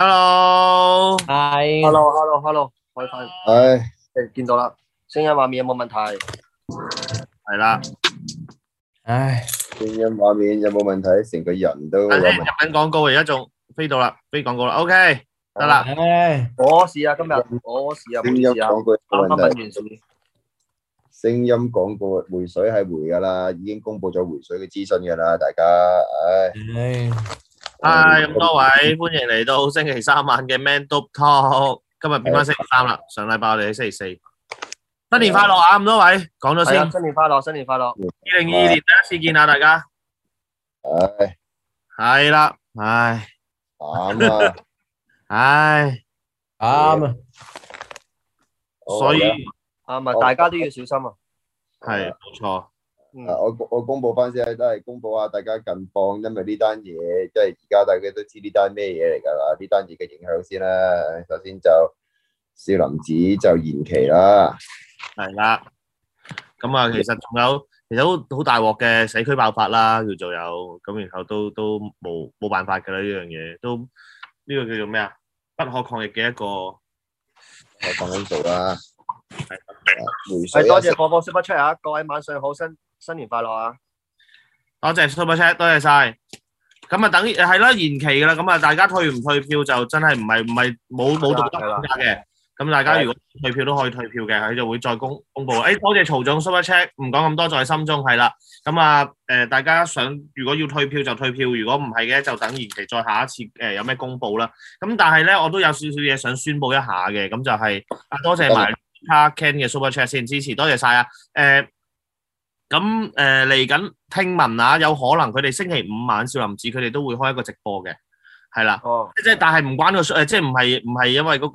hello，係，hello，hello，hello，開翻，哎，誒，見到啦，聲音畫面有冇問題？係啦，哎，聲音畫面有冇問題？成個人都有冇問題，誒，食品廣告而家仲飛到啦，飛廣告啦，OK，得啦，哎，我試下今日，我試下，聲音廣告冇問題，聲音廣告回水係回噶啦，已經公布咗回水嘅資訊噶啦，大家，哎。係咁多位，歡迎嚟到星期三晚嘅 Man Top Talk。今日變翻星期三啦，上禮拜我哋喺星期四。新年快樂啊！咁多位，講咗先。新年快樂，新年快樂。二零二二年第一次見下，大家。係係啦，唉，啱啊，唉，啱啊。所以啊，咪大家都要小心啊。係，冇錯。啊！我我公布翻先，都係公布下大家近況，因為呢單嘢即係而家大家都知呢單咩嘢嚟噶啦，呢單嘢嘅影響先啦。首先就少林寺就延期啦，係啦。咁啊，其實仲有，其實好好大鑊嘅社區爆發啦，叫做有咁，然後都都冇冇辦法噶啦呢樣嘢，都呢個叫做咩啊？不可抗疫嘅一個，我講緊做啦。係多謝播播說不出啊！各位晚上好，新。新年快樂啊！多謝 Super Chat，多謝晒。咁啊，等係啦，延期噶啦。咁啊，大家退唔退票就真係唔係唔係冇冇獨家嘅。咁大家如果退票都可以退票嘅，佢就會再公公布。誒、哎，多謝曹總 Super Chat，唔講咁多，在心中係啦。咁啊，誒、呃，大家想如果要退票就退票，如果唔係嘅就等延期再下一次誒、呃，有咩公布啦？咁但係咧，我都有少少嘢想宣布一下嘅，咁就係、是、多謝埋卡 Ken 嘅 Super Chat 先支持，多謝晒啊！誒、呃。咁誒嚟緊，呃、聽聞啊，有可能佢哋星期五晚少林寺佢哋都會開一個直播嘅，係啦。哦，即係但係唔關個誒，即係唔係唔係因為嗰、嗰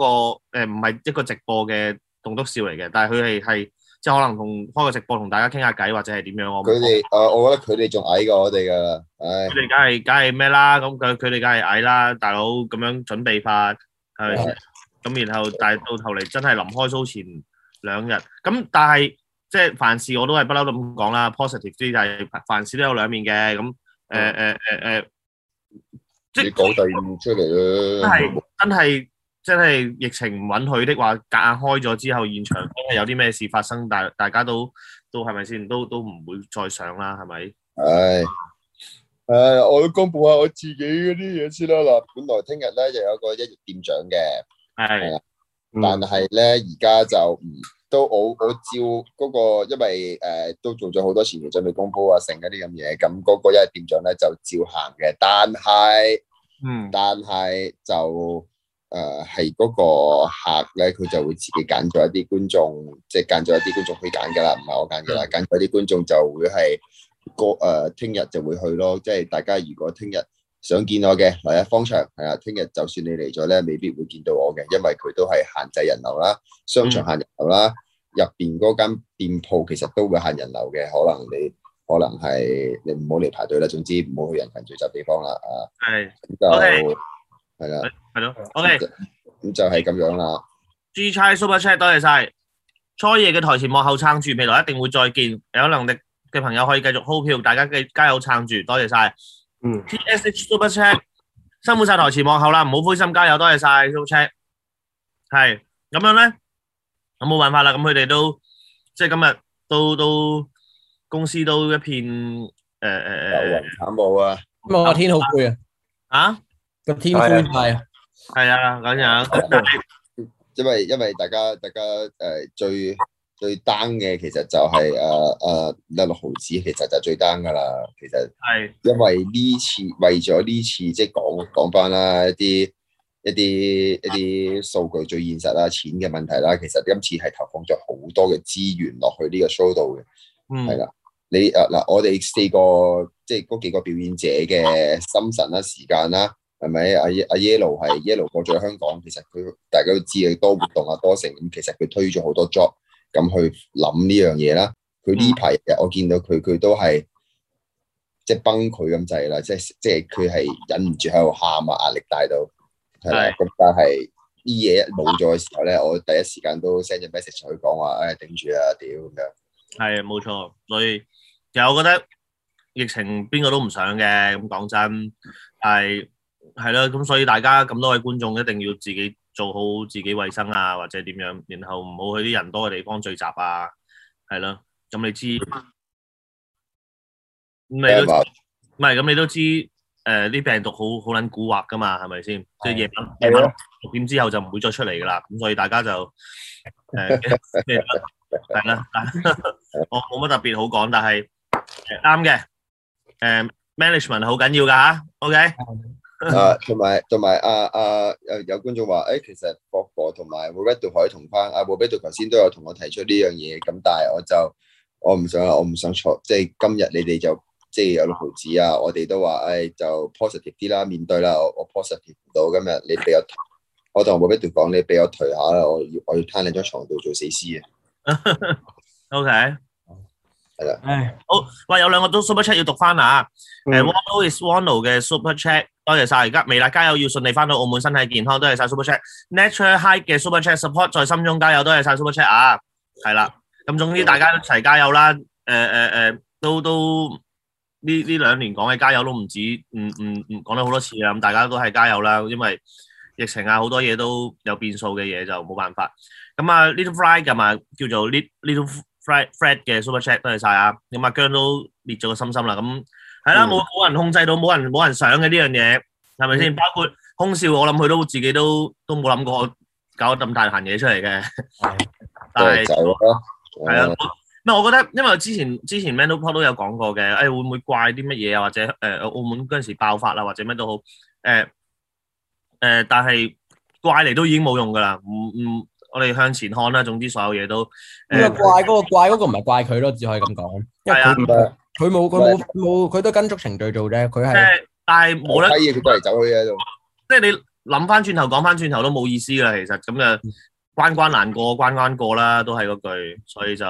個唔係、呃、一個直播嘅棟篤笑嚟嘅，但係佢哋係即係可能同開個直播同大家傾下偈或者係點樣我佢哋誒，我覺得佢哋仲矮過我哋噶，唉！佢哋梗係梗係咩啦？咁佢佢哋梗係矮啦，大佬咁樣準備法係咪先？咁、哦、然後但係到頭嚟真係臨開 show 前兩日，咁但係。即係凡事我都係不嬲咁講啦，positive 啲，但係、就是、凡事都有兩面嘅咁，誒誒誒誒，即係你講第二出嚟嘅，真係真係真係疫情唔允許的話，隔硬開咗之後，現場因為有啲咩事發生，大大家都都係咪先，都都唔會再上啦，係咪？係，誒，我都公布下我自己嗰啲嘢先啦。嗱，本來聽日咧就有一個一日店長嘅，係、嗯，但係咧而家就唔。都我我照嗰、那個，因為誒、呃、都做咗好多前期準備功夫啊，成一啲咁嘢，咁嗰個一係店長咧就照行嘅。但係，嗯，但係就誒係嗰個客咧，佢就會自己揀咗一啲觀眾，即係揀咗一啲觀眾去揀㗎啦，唔係我揀㗎啦。揀咗啲觀眾就會係個誒聽日就會去咯。即係大家如果聽日想見我嘅，係啊方長係啊，聽日就算你嚟咗咧，未必會見到我嘅，因為佢都係限制人流啦，商場限人流啦。嗯嗯。入邊嗰間店鋪其實都會限人流嘅，可能你可能係你唔好嚟排隊啦，總之唔好去人羣聚集地方啦，啊。係。OK。係啦。係咯。OK。咁就係咁樣啦。G Check Super Chat，多謝曬。初夜嘅台前幕後撐住，未來一定會再見。有能力嘅朋友可以繼續 hold 票，大家嘅加油撐住，多謝曬。嗯。TSH Super Chat，辛苦曬台前幕後啦，唔好灰心，加油，多謝曬 Super Chat。係。咁樣咧。咁冇辦法啦，咁佢哋都即係今日都都公司都一片誒誒誒愁雲慘霧啊！咁啊天好攰啊！啊個天灰係啊，係啊，咁樣、啊，啊啊啊、 因為因為大家大家誒、呃、最最 down 嘅其實就係誒誒六六毫子，其實就最 down 噶啦，其實係因為呢次為咗呢次即係講講翻啦一啲。一啲一啲數據最現實啦，錢嘅問題啦，其實今次係投放咗好多嘅資源落去呢個 show 度嘅，係、嗯、啦，你啊嗱，我哋四個即係嗰幾個表演者嘅心神啦、時間啦，係咪？阿、啊、阿、啊、Yellow 係、啊、Yellow 過咗香港，其實佢大家都知佢多活動啊、多成咁，其實佢推咗好多 job 咁去諗呢樣嘢啦。佢呢排我見到佢，佢都係即係崩潰咁滯啦，即係即係佢係忍唔住喺度喊啊，壓力大到～係咁，但係啲嘢冇咗嘅時候咧，我第一時間都 send 咗 message 去講話，唉，頂住啊，屌咁樣。係啊，冇錯。所以其實我覺得疫情邊個都唔想嘅。咁講真，係係咯。咁所以大家咁多位觀眾一定要自己做好自己衞生啊，或者點樣，然後唔好去啲人多嘅地方聚集啊。係咯。咁你知，唔係都唔係咁，你都知。誒，啲病毒好好捻蠱惑噶嘛，係咪先？即係夜晚，夜晚六點之後就唔會再出嚟噶啦。咁所以大家就誒，咩係啦？我冇乜特別好講，但係啱嘅。誒，management 好緊要噶吓。OK，啊，同埋同埋阿阿誒有觀眾話，誒其實博博同埋穆比杜海同翻阿穆比杜頭先都有同我提出呢樣嘢，咁但係我就我唔想我唔想錯，即係今日你哋就。即係有六毫紙啊！我哋都話，誒、哎、就 positive 啲啦，面對啦。我我 positive 唔到今，今日你俾我，我同我妹不斷講，你俾我頹下啦。我要我要攤你張床度做死屍。啊。 O.K.，係啦。唉，好，哇！有兩個都 super chat 要讀翻啊。誒、嗯 uh，Waldo is Waldo 嘅 super chat，多謝晒。而家未啦，加油要順利翻到澳門，身體健康，多謝晒 super chat。Nature High 嘅 super chat support 在心中加油，多謝晒 super chat 啊。係啦，咁總之大家一齊加油啦。誒誒誒，都都～呢呢兩年講嘅加油都唔止唔唔唔講咗好多次啊！咁大家都係加油啦，因為疫情啊好多嘢都有變數嘅嘢就冇辦法。咁啊，Little Fly 噶嘛，叫做 Little Little Fly Fred 嘅 Super Chat 多謝晒啊！咁啊姜都裂咗個心心啦。咁係啦，冇冇、啊嗯、人控制到，冇人冇人想嘅呢樣嘢係咪先？包括空少，我諗佢都自己都都冇諗過搞咁大閪嘢出嚟嘅，嗯、 但係走係啊。嗯我覺得，因為我之前之前 Manu Paul 都有講過嘅，誒、哎、會唔會怪啲乜嘢啊？或者誒、呃、澳門嗰時爆發啦，或者乜都好，呃呃、但係怪嚟都已經冇用噶啦，唔唔，我哋向前看啦。總之所有嘢都，你、呃、怪嗰個怪嗰個，唔係怪佢咯，只可以咁講。因為佢冇佢冇冇，佢都跟足程序做啫。佢係，但係冇得。嘢佢過嚟走即係你諗翻轉頭講翻轉頭都冇意思噶。其實咁就關關難過，關關過啦，都係嗰句，所以就。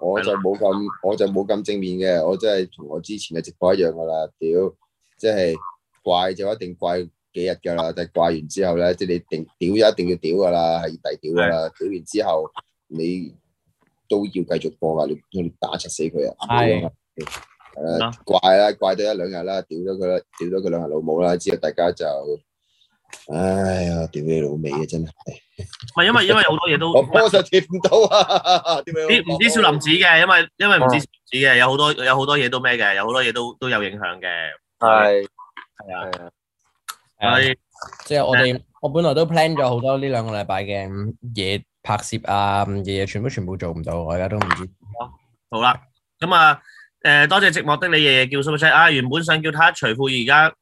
我就冇咁，我就冇咁正面嘅，我真係同我之前嘅直播一樣噶啦，屌，即係怪就一定怪幾日噶啦，但係怪完之後咧，即係你屌一定要屌噶啦，係要第二屌噶啦，屌完之後你都要繼續播噶，你去打柒死佢啊！係，誒，怪啦，怪咗一兩日啦，屌咗佢啦，屌咗佢兩行老母啦，之後大家就。哎呀，屌你老味啊，真係！唔係因為因為好多嘢都我就接唔到啊！啲唔知少林寺嘅，因為因為唔知林子。知嘅有好多有好多嘢都咩嘅，有好多嘢都有多都有影響嘅。係係啊係，即係我哋我本來都 plan 咗好多呢兩個禮拜嘅嘢拍攝啊，嘢全部全部做唔到，我而家都唔知。好啦，咁啊，誒，多謝寂寞的你，爺爺叫蘇七啊，原本想叫他除褲，而家。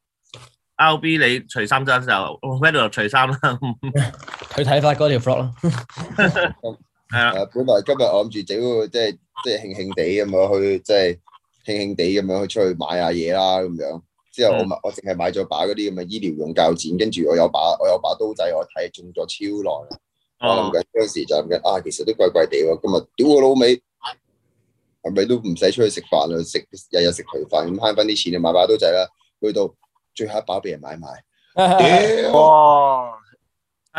L.B. 你除衫真就，Wendell 除衫啦， 去睇翻嗰條 frog 咯。係 啊,啊，本嚟今日我諗住整，即係即係興興地咁樣去，即係興興地咁樣去出去買下嘢啦咁樣。之後我、嗯、我淨係買咗把嗰啲咁嘅醫療用膠剪，跟住我有把我有把刀仔我，我睇中咗超耐。我諗緊嗰陣時就諗緊，啊其實都貴貴哋喎。今日屌我老味，係咪都唔使出去食飯啦？食日日食佢飯咁慳翻啲錢你買把刀仔啦，去到～最後一把俾人買埋，屌！係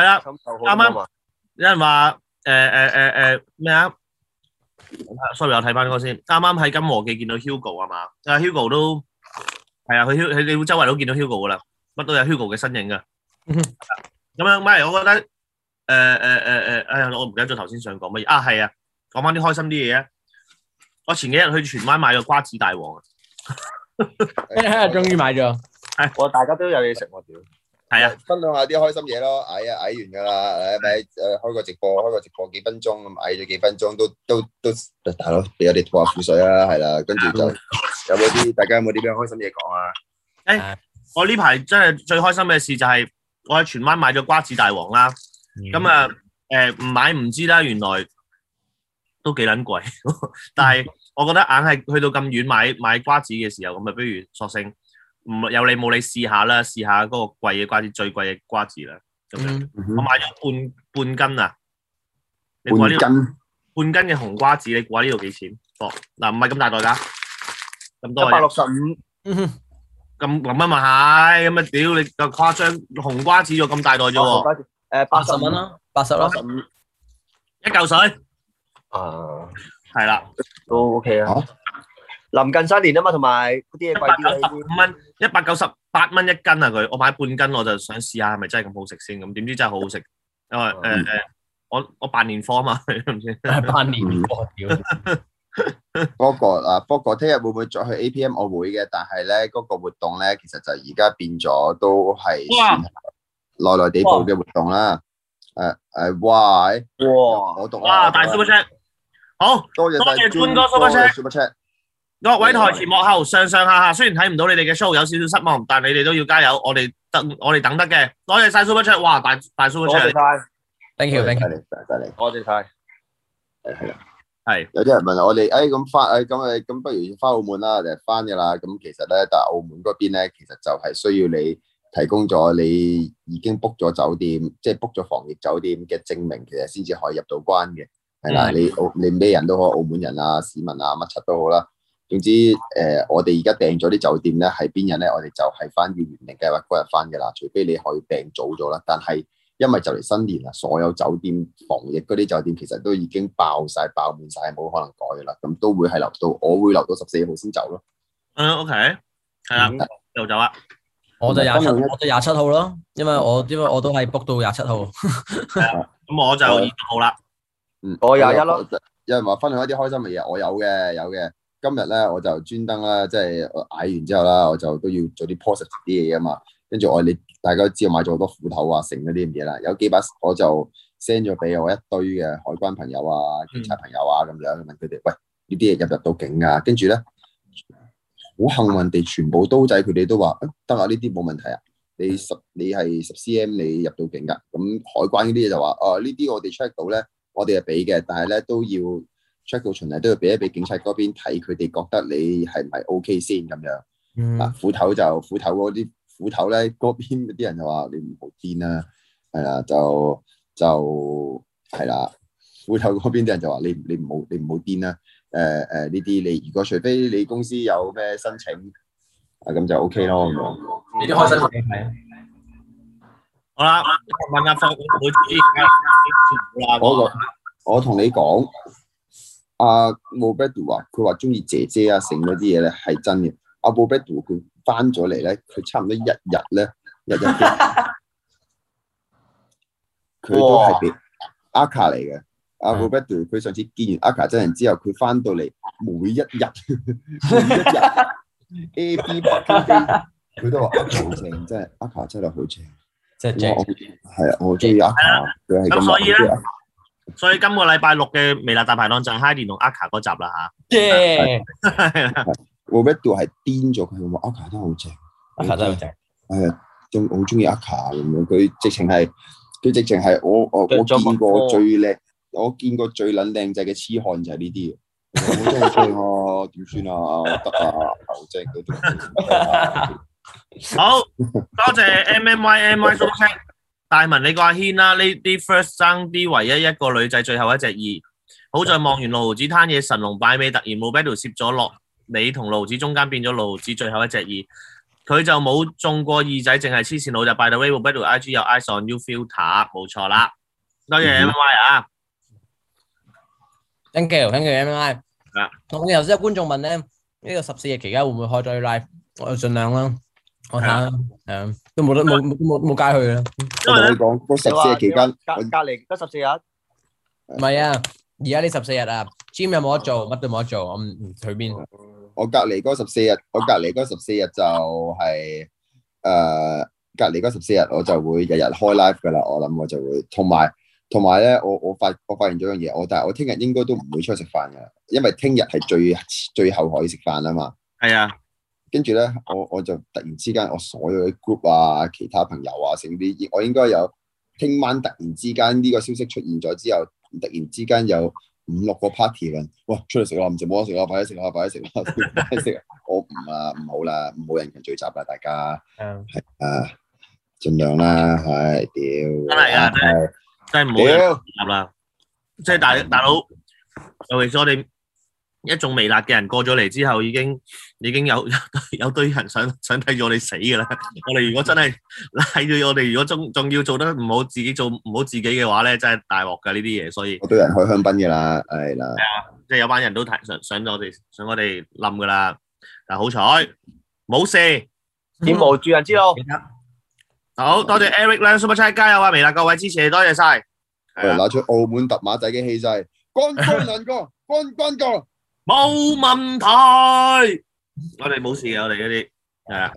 啊，啱啱有人話誒誒誒誒咩啊？sorry，我睇翻個先。啱啱喺金和記見到 Hugo 係嘛？阿 Hugo 都係啊，佢 H 佢你周圍都見到 Hugo 噶啦，乜都有 Hugo 嘅身影噶。咁樣咪，我覺得誒誒誒誒，哎呀，我唔記得咗頭先想講乜嘢啊？係啊，講翻啲開心啲嘢啊！我前幾日去荃灣買個瓜子大王啊，今日終於買咗。誒，我大家都有嘢食，我屌，係啊，分享下啲開心嘢咯，矮啊，矮完噶啦，誒，咪誒開個直播，開個直播幾分鐘咁，矮咗幾分鐘都都都，大佬俾我哋吐下苦水啦，係啦，跟住就有冇啲，大家有冇啲咩開心嘢講啊？誒，我呢排真係最開心嘅事就係我喺荃灣買咗瓜子大王啦，咁啊誒唔買唔知啦，原來都幾捻貴，但係我覺得硬係去到咁遠買買瓜子嘅時候，咁咪不如索性。唔有你冇你試下啦，試下嗰個貴嘅瓜子，最貴嘅瓜子啦。咁樣，嗯嗯，我買咗半半斤啊，半斤，你估下呢，半斤嘅紅瓜子，你估下呢度幾錢？哦，嗱、啊，唔係咁大袋噶，咁多一百六十五。165。嗯咁諗一諗下，咁啊屌你，又誇張，紅瓜子又咁大袋啫喎。誒、哦，八十蚊啦，八十啦，六十五，一嚿水。啊，係啦，都 OK 啊。臨近新年啊嘛，同埋嗰啲嘢貴啲。十五蚊，一百九十八蚊一斤啊！佢，我買半斤，我就想試下係咪真係咁好食先。咁點知真係好好食，因為誒誒、呃嗯，我我辦年貨啊嘛，唔知辦年貨屌。不過嗱，不過聽日會唔會再去 A P M？我會嘅，但係咧嗰個活動咧，其實就而家變咗都係內內地部嘅活動啦。誒誒，哇！哇！我懂啊！大主播車，好多謝大多尊謝哥，主播車，主各位台前幕後上上下下，雖然睇唔到你哋嘅 show 有少少失望，但係你哋都要加油。我哋等我哋等得嘅。多謝晒 super 出，哇！大大 super 出嚟。多謝晒，thank you，thank you。多謝晒。係係啦，係。有啲人問我哋，誒咁翻，誒咁誒咁，哎、不如翻澳門啦，就翻噶啦。咁其實咧，但係澳門嗰邊咧，其實就係需要你提供咗你已經 book 咗酒店，即係 book 咗防疫酒店嘅證明，其實先至可以入到關嘅。係啦，你澳你咩人都好，澳門人啊市民啊乜柒都好啦。總之誒、呃，我哋而家訂咗啲酒店咧，係邊日咧，我哋就係翻要原定計劃嗰日翻嘅啦。除非你可以訂早咗啦，但係因為就嚟新年啦，所有酒店防疫嗰啲酒店其實都已經爆晒爆滿晒，冇可能改噶啦。咁都會係留到，我會留到十四號先走咯。嗯，OK，係啊，又走啦。我就廿七，我就廿七、嗯、號咯。因為我，我因為我都係 book 到廿七號，咁 嗯、我就廿八號啦。嗯，我廿一咯。有人話分享一啲開心嘅嘢，我有嘅，有嘅。今日咧我就專登啦，即係嗌完之後啦，我就都要做啲 positive 啲嘢啊嘛。跟住我你大家知道我買咗好多斧頭啊、剩嗰啲咁嘢啦，有幾把我就 send 咗俾我一堆嘅海關朋友啊、警察朋友啊咁樣問佢哋：喂，呢啲嘢入唔入到境啊？跟住咧好幸運地，全部刀仔佢哋都話得啊，呢啲冇問題啊。你十你係十 cm 你入到境㗎。咁海關嗰啲嘢就話：哦、呃，呢啲我哋 check 到咧，我哋係俾嘅，但係咧都要。check 到，從來都要俾一俾警察嗰邊睇，佢哋覺得你係唔係 O K 先咁樣，嗯。啊，斧頭就斧頭嗰啲斧頭咧，嗰邊啲人就話你唔好癲啦，係啦，就就係啦，斧頭嗰邊啲人就話你你唔好你唔好癲啦。誒誒，呢啲、呃、呃、你如果除非你公司有咩申請，OK，啊，咁就 O K 咯。你都開心嘅係啊，好啦，問下方唔好意思，全部我我同你講。阿、啊、毛 o b e r t o 話佢話中意姐姐啊，成嗰啲嘢咧係真嘅。阿毛 o b e r t o 佢翻咗嚟咧，佢差唔多一日咧，日日佢都係變 Aka 嚟嘅。阿毛 o b e r t o 佢上次見完 Aka 真人之後，佢翻到嚟每一日，每一日 A B 佢都話好正，真係 Aka 真係好正，真係正，係啊，我中意 Aka，佢係咁話。所以今個禮拜六嘅微辣大排檔就係 Hi 連同阿卡嗰集啦吓，即、yeah! 係 我俾調係癲咗佢，話阿卡都咁正，阿卡都好正，係啊，Aka, 我我仲好中意阿卡咁樣，佢直情係，佢直情係我我我見過最靚，我見過最捻靚仔嘅痴漢就係呢啲我真係正啊，點 算啊，得啊， 好正嗰啲， 好，多謝 M -my, M Y M Y 大文你個阿軒啦、啊，呢啲 first 生啲唯一一個女仔最後一隻二，好在望完路子攤嘢神龍擺尾，突然冇 battle 攝咗落你同路子中間變咗路子最後一隻二，佢就冇中過二仔，淨係黐線路就拜到 Weibo battle I G 有 eyes on you filter，冇錯啦。 多謝 M I 啊，thank you thank you M I。啊，我哋頭先有觀眾問咧，呢、呢個十四日期間會唔會開咗 live？我盡量啦，我睇啦，yeah. Yeah. 都冇得冇冇冇冇街去啦！我同你講，都十四日期間隔隔篱十四日唔係啊！而家呢十四日啊，gym 又冇得做，乜、嗯、都冇得做，我、嗯、唔去邊。我隔篱嗰十四日，我隔篱嗰十四日就係誒隔篱嗰十四日，我就會日日開 live 噶啦。我諗我就會同埋同埋咧，我我發我發現咗樣嘢，我但係我聽日應該都唔會出去食飯噶，因為聽日係最最後可以食飯啊嘛。係啊。跟住咧，我我就突然之間，我所有嘅 group 啊、其他朋友啊、成啲，我應該有聽晚突然之間呢個消息出現咗之後，突然之間有五六個 party 啦，哇！出嚟食啦，唔食冇得食啦，快啲食啦，快啲食啦，食！ 我唔啊唔好啦，唔好，唔好人羣聚集啦，大家係、yeah. 啊，盡量啦，係、哎、屌，yeah. 哎 yeah. 真係啊，真係唔好聚集即係、yeah. 大大佬，尤其是我哋。一眾微辣嘅人過咗嚟之後，已經已經有有，有堆人想想睇住我哋死嘅啦。我哋如果真係拉住我哋，如果仲仲要做得唔好自己做唔好自己嘅話咧，些真係大鑊噶呢啲嘢。所以，好多人開香檳噶啦，係啦，即係有班人都想想咗我哋想我哋冧噶啦。但好彩冇事，點無住人知道？好多謝 Eric 咧，Super 仔加油啊！微辣各位支持你，多謝晒。係拿出澳門特馬仔嘅氣勢，干干兩 個，干干個。冇問題，我沒，我哋冇事嘅，我哋嗰啲係啊。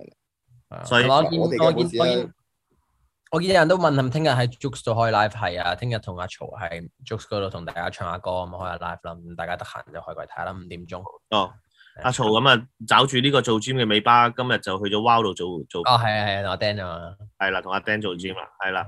所以我見我見我見，我見人都問，咁聽日喺 Jokes 度開 live 係啊。聽日同阿曹喺 Jokes 嗰度同大家唱下歌咁開下 live 啦。咁大家得閒就開台睇啦。五點鐘。哦。阿曹咁啊，找，啊啊嗯啊啊，住呢個做 gym 嘅尾巴，今日就去咗 WOW 度做做。哦，係啊，係啊，阿 Dan, Dan Gym, 啊。係啦，同阿 Dan 做 gym 啦，係啦。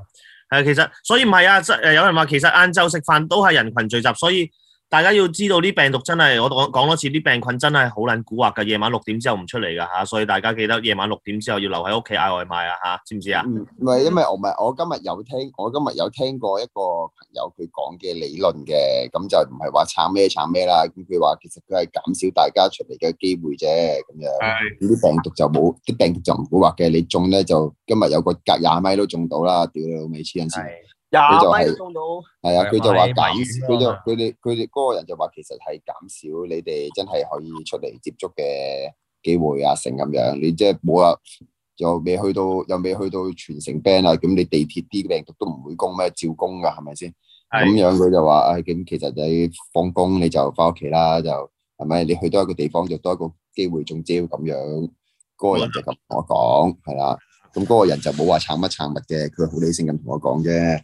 係其實，所以唔係啊，誒，有人話其實晏晝食飯都係人群聚集，所以。大家要知道啲病毒真係，我講講多次，啲病菌真係好捻蠱惑㗎。夜晚六點之後唔出嚟噶吓，所以大家記得夜晚六點之後要留喺屋企嗌外賣啊吓，知唔知啊？唔係，因為我咪，我今日有聽，我今日有聽過一個朋友佢講嘅理論嘅，咁就唔係話撐咩撐咩啦。咁佢話其實佢係減少大家出嚟嘅機會啫，咁樣。呢啲病毒就冇，啲病毒就唔蠱惑嘅。你中咧就今日有個隔廿米都中到啦，屌你老味黐人屎！佢就中到，係啊、就是，佢就話減少，佢就佢哋佢哋嗰個人就話，就其實係減少你哋真係可以出嚟接觸嘅機會啊，成咁樣，你即係冇話又未去到又未去到全城 ban 啊，咁你地鐵啲病毒都唔會供咩照供噶，係咪先？咁樣佢就話，誒，咁其實你放工你就翻屋企啦，就係咪？你去多一個地方就多一個機會中招咁樣，嗰、那個人就咁同我講，係啦，咁、那、嗰個人就冇話撐乜撐物嘅，佢好理性咁同我講啫。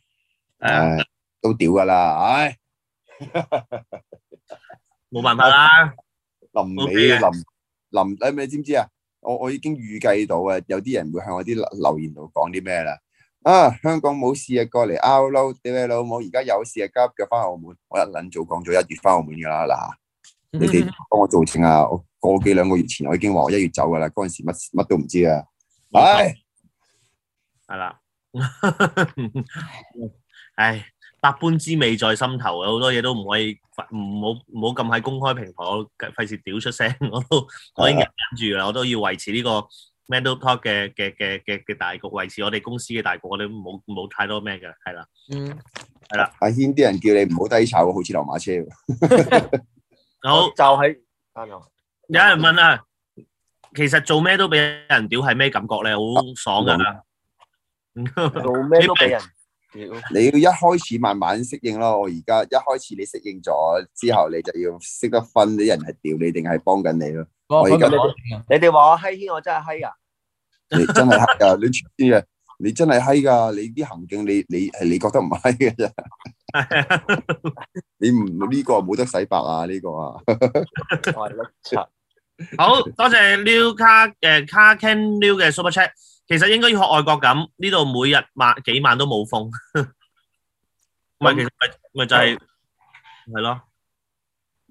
誒，都屌噶啦，唉，冇辦法啦，臨尾臨臨仔，你知唔知啊？我我已經預計到啊，有啲人會向我啲留言度講啲咩啦。啊，香港冇事啊，過嚟拗嬲屌你老母，而家有事啊，急腳翻澳門。我一捻早講咗一月翻澳門噶啦，嗱，你哋幫我做證啊。我過幾兩個月前我已經話我一月走噶啦，嗰陣時乜乜都唔知啊。哎，係啦。唉，百般滋味在心頭啊！好多嘢都唔可以，唔好唔好咁喺公開平台，我費事屌出聲，我都我已經忍住啦，我都要維持呢個 mental talk 嘅嘅嘅嘅嘅大局，維持我哋公司嘅大局，我哋冇冇太多咩嘅，係啦，嗯，係啦，阿軒啲人叫你唔好低炒，好似落馬車，好就喺阿劉，有人問啊，其實做咩都俾人屌係咩感覺咧？好爽噶，做咩都俾人。你要一開始慢慢適應咯，我而家一開始你適應咗之後，你就要識得分啲人係屌你定係幫緊你咯、哦。我而家你哋話我嘿添，我真係嘿啊 你的的！你真係嘿啊！你全你真係嘿噶，你啲行徑，你你係你覺得唔嘿嘅， 你唔呢、呢個冇得洗白啊！呢、呢個啊， 好多謝 New 卡誒卡、呃、Ken New 嘅 Super Chat。其實應該要學外國咁，呢度每日晚幾晚都冇封。咪其實咪咪就係係咯。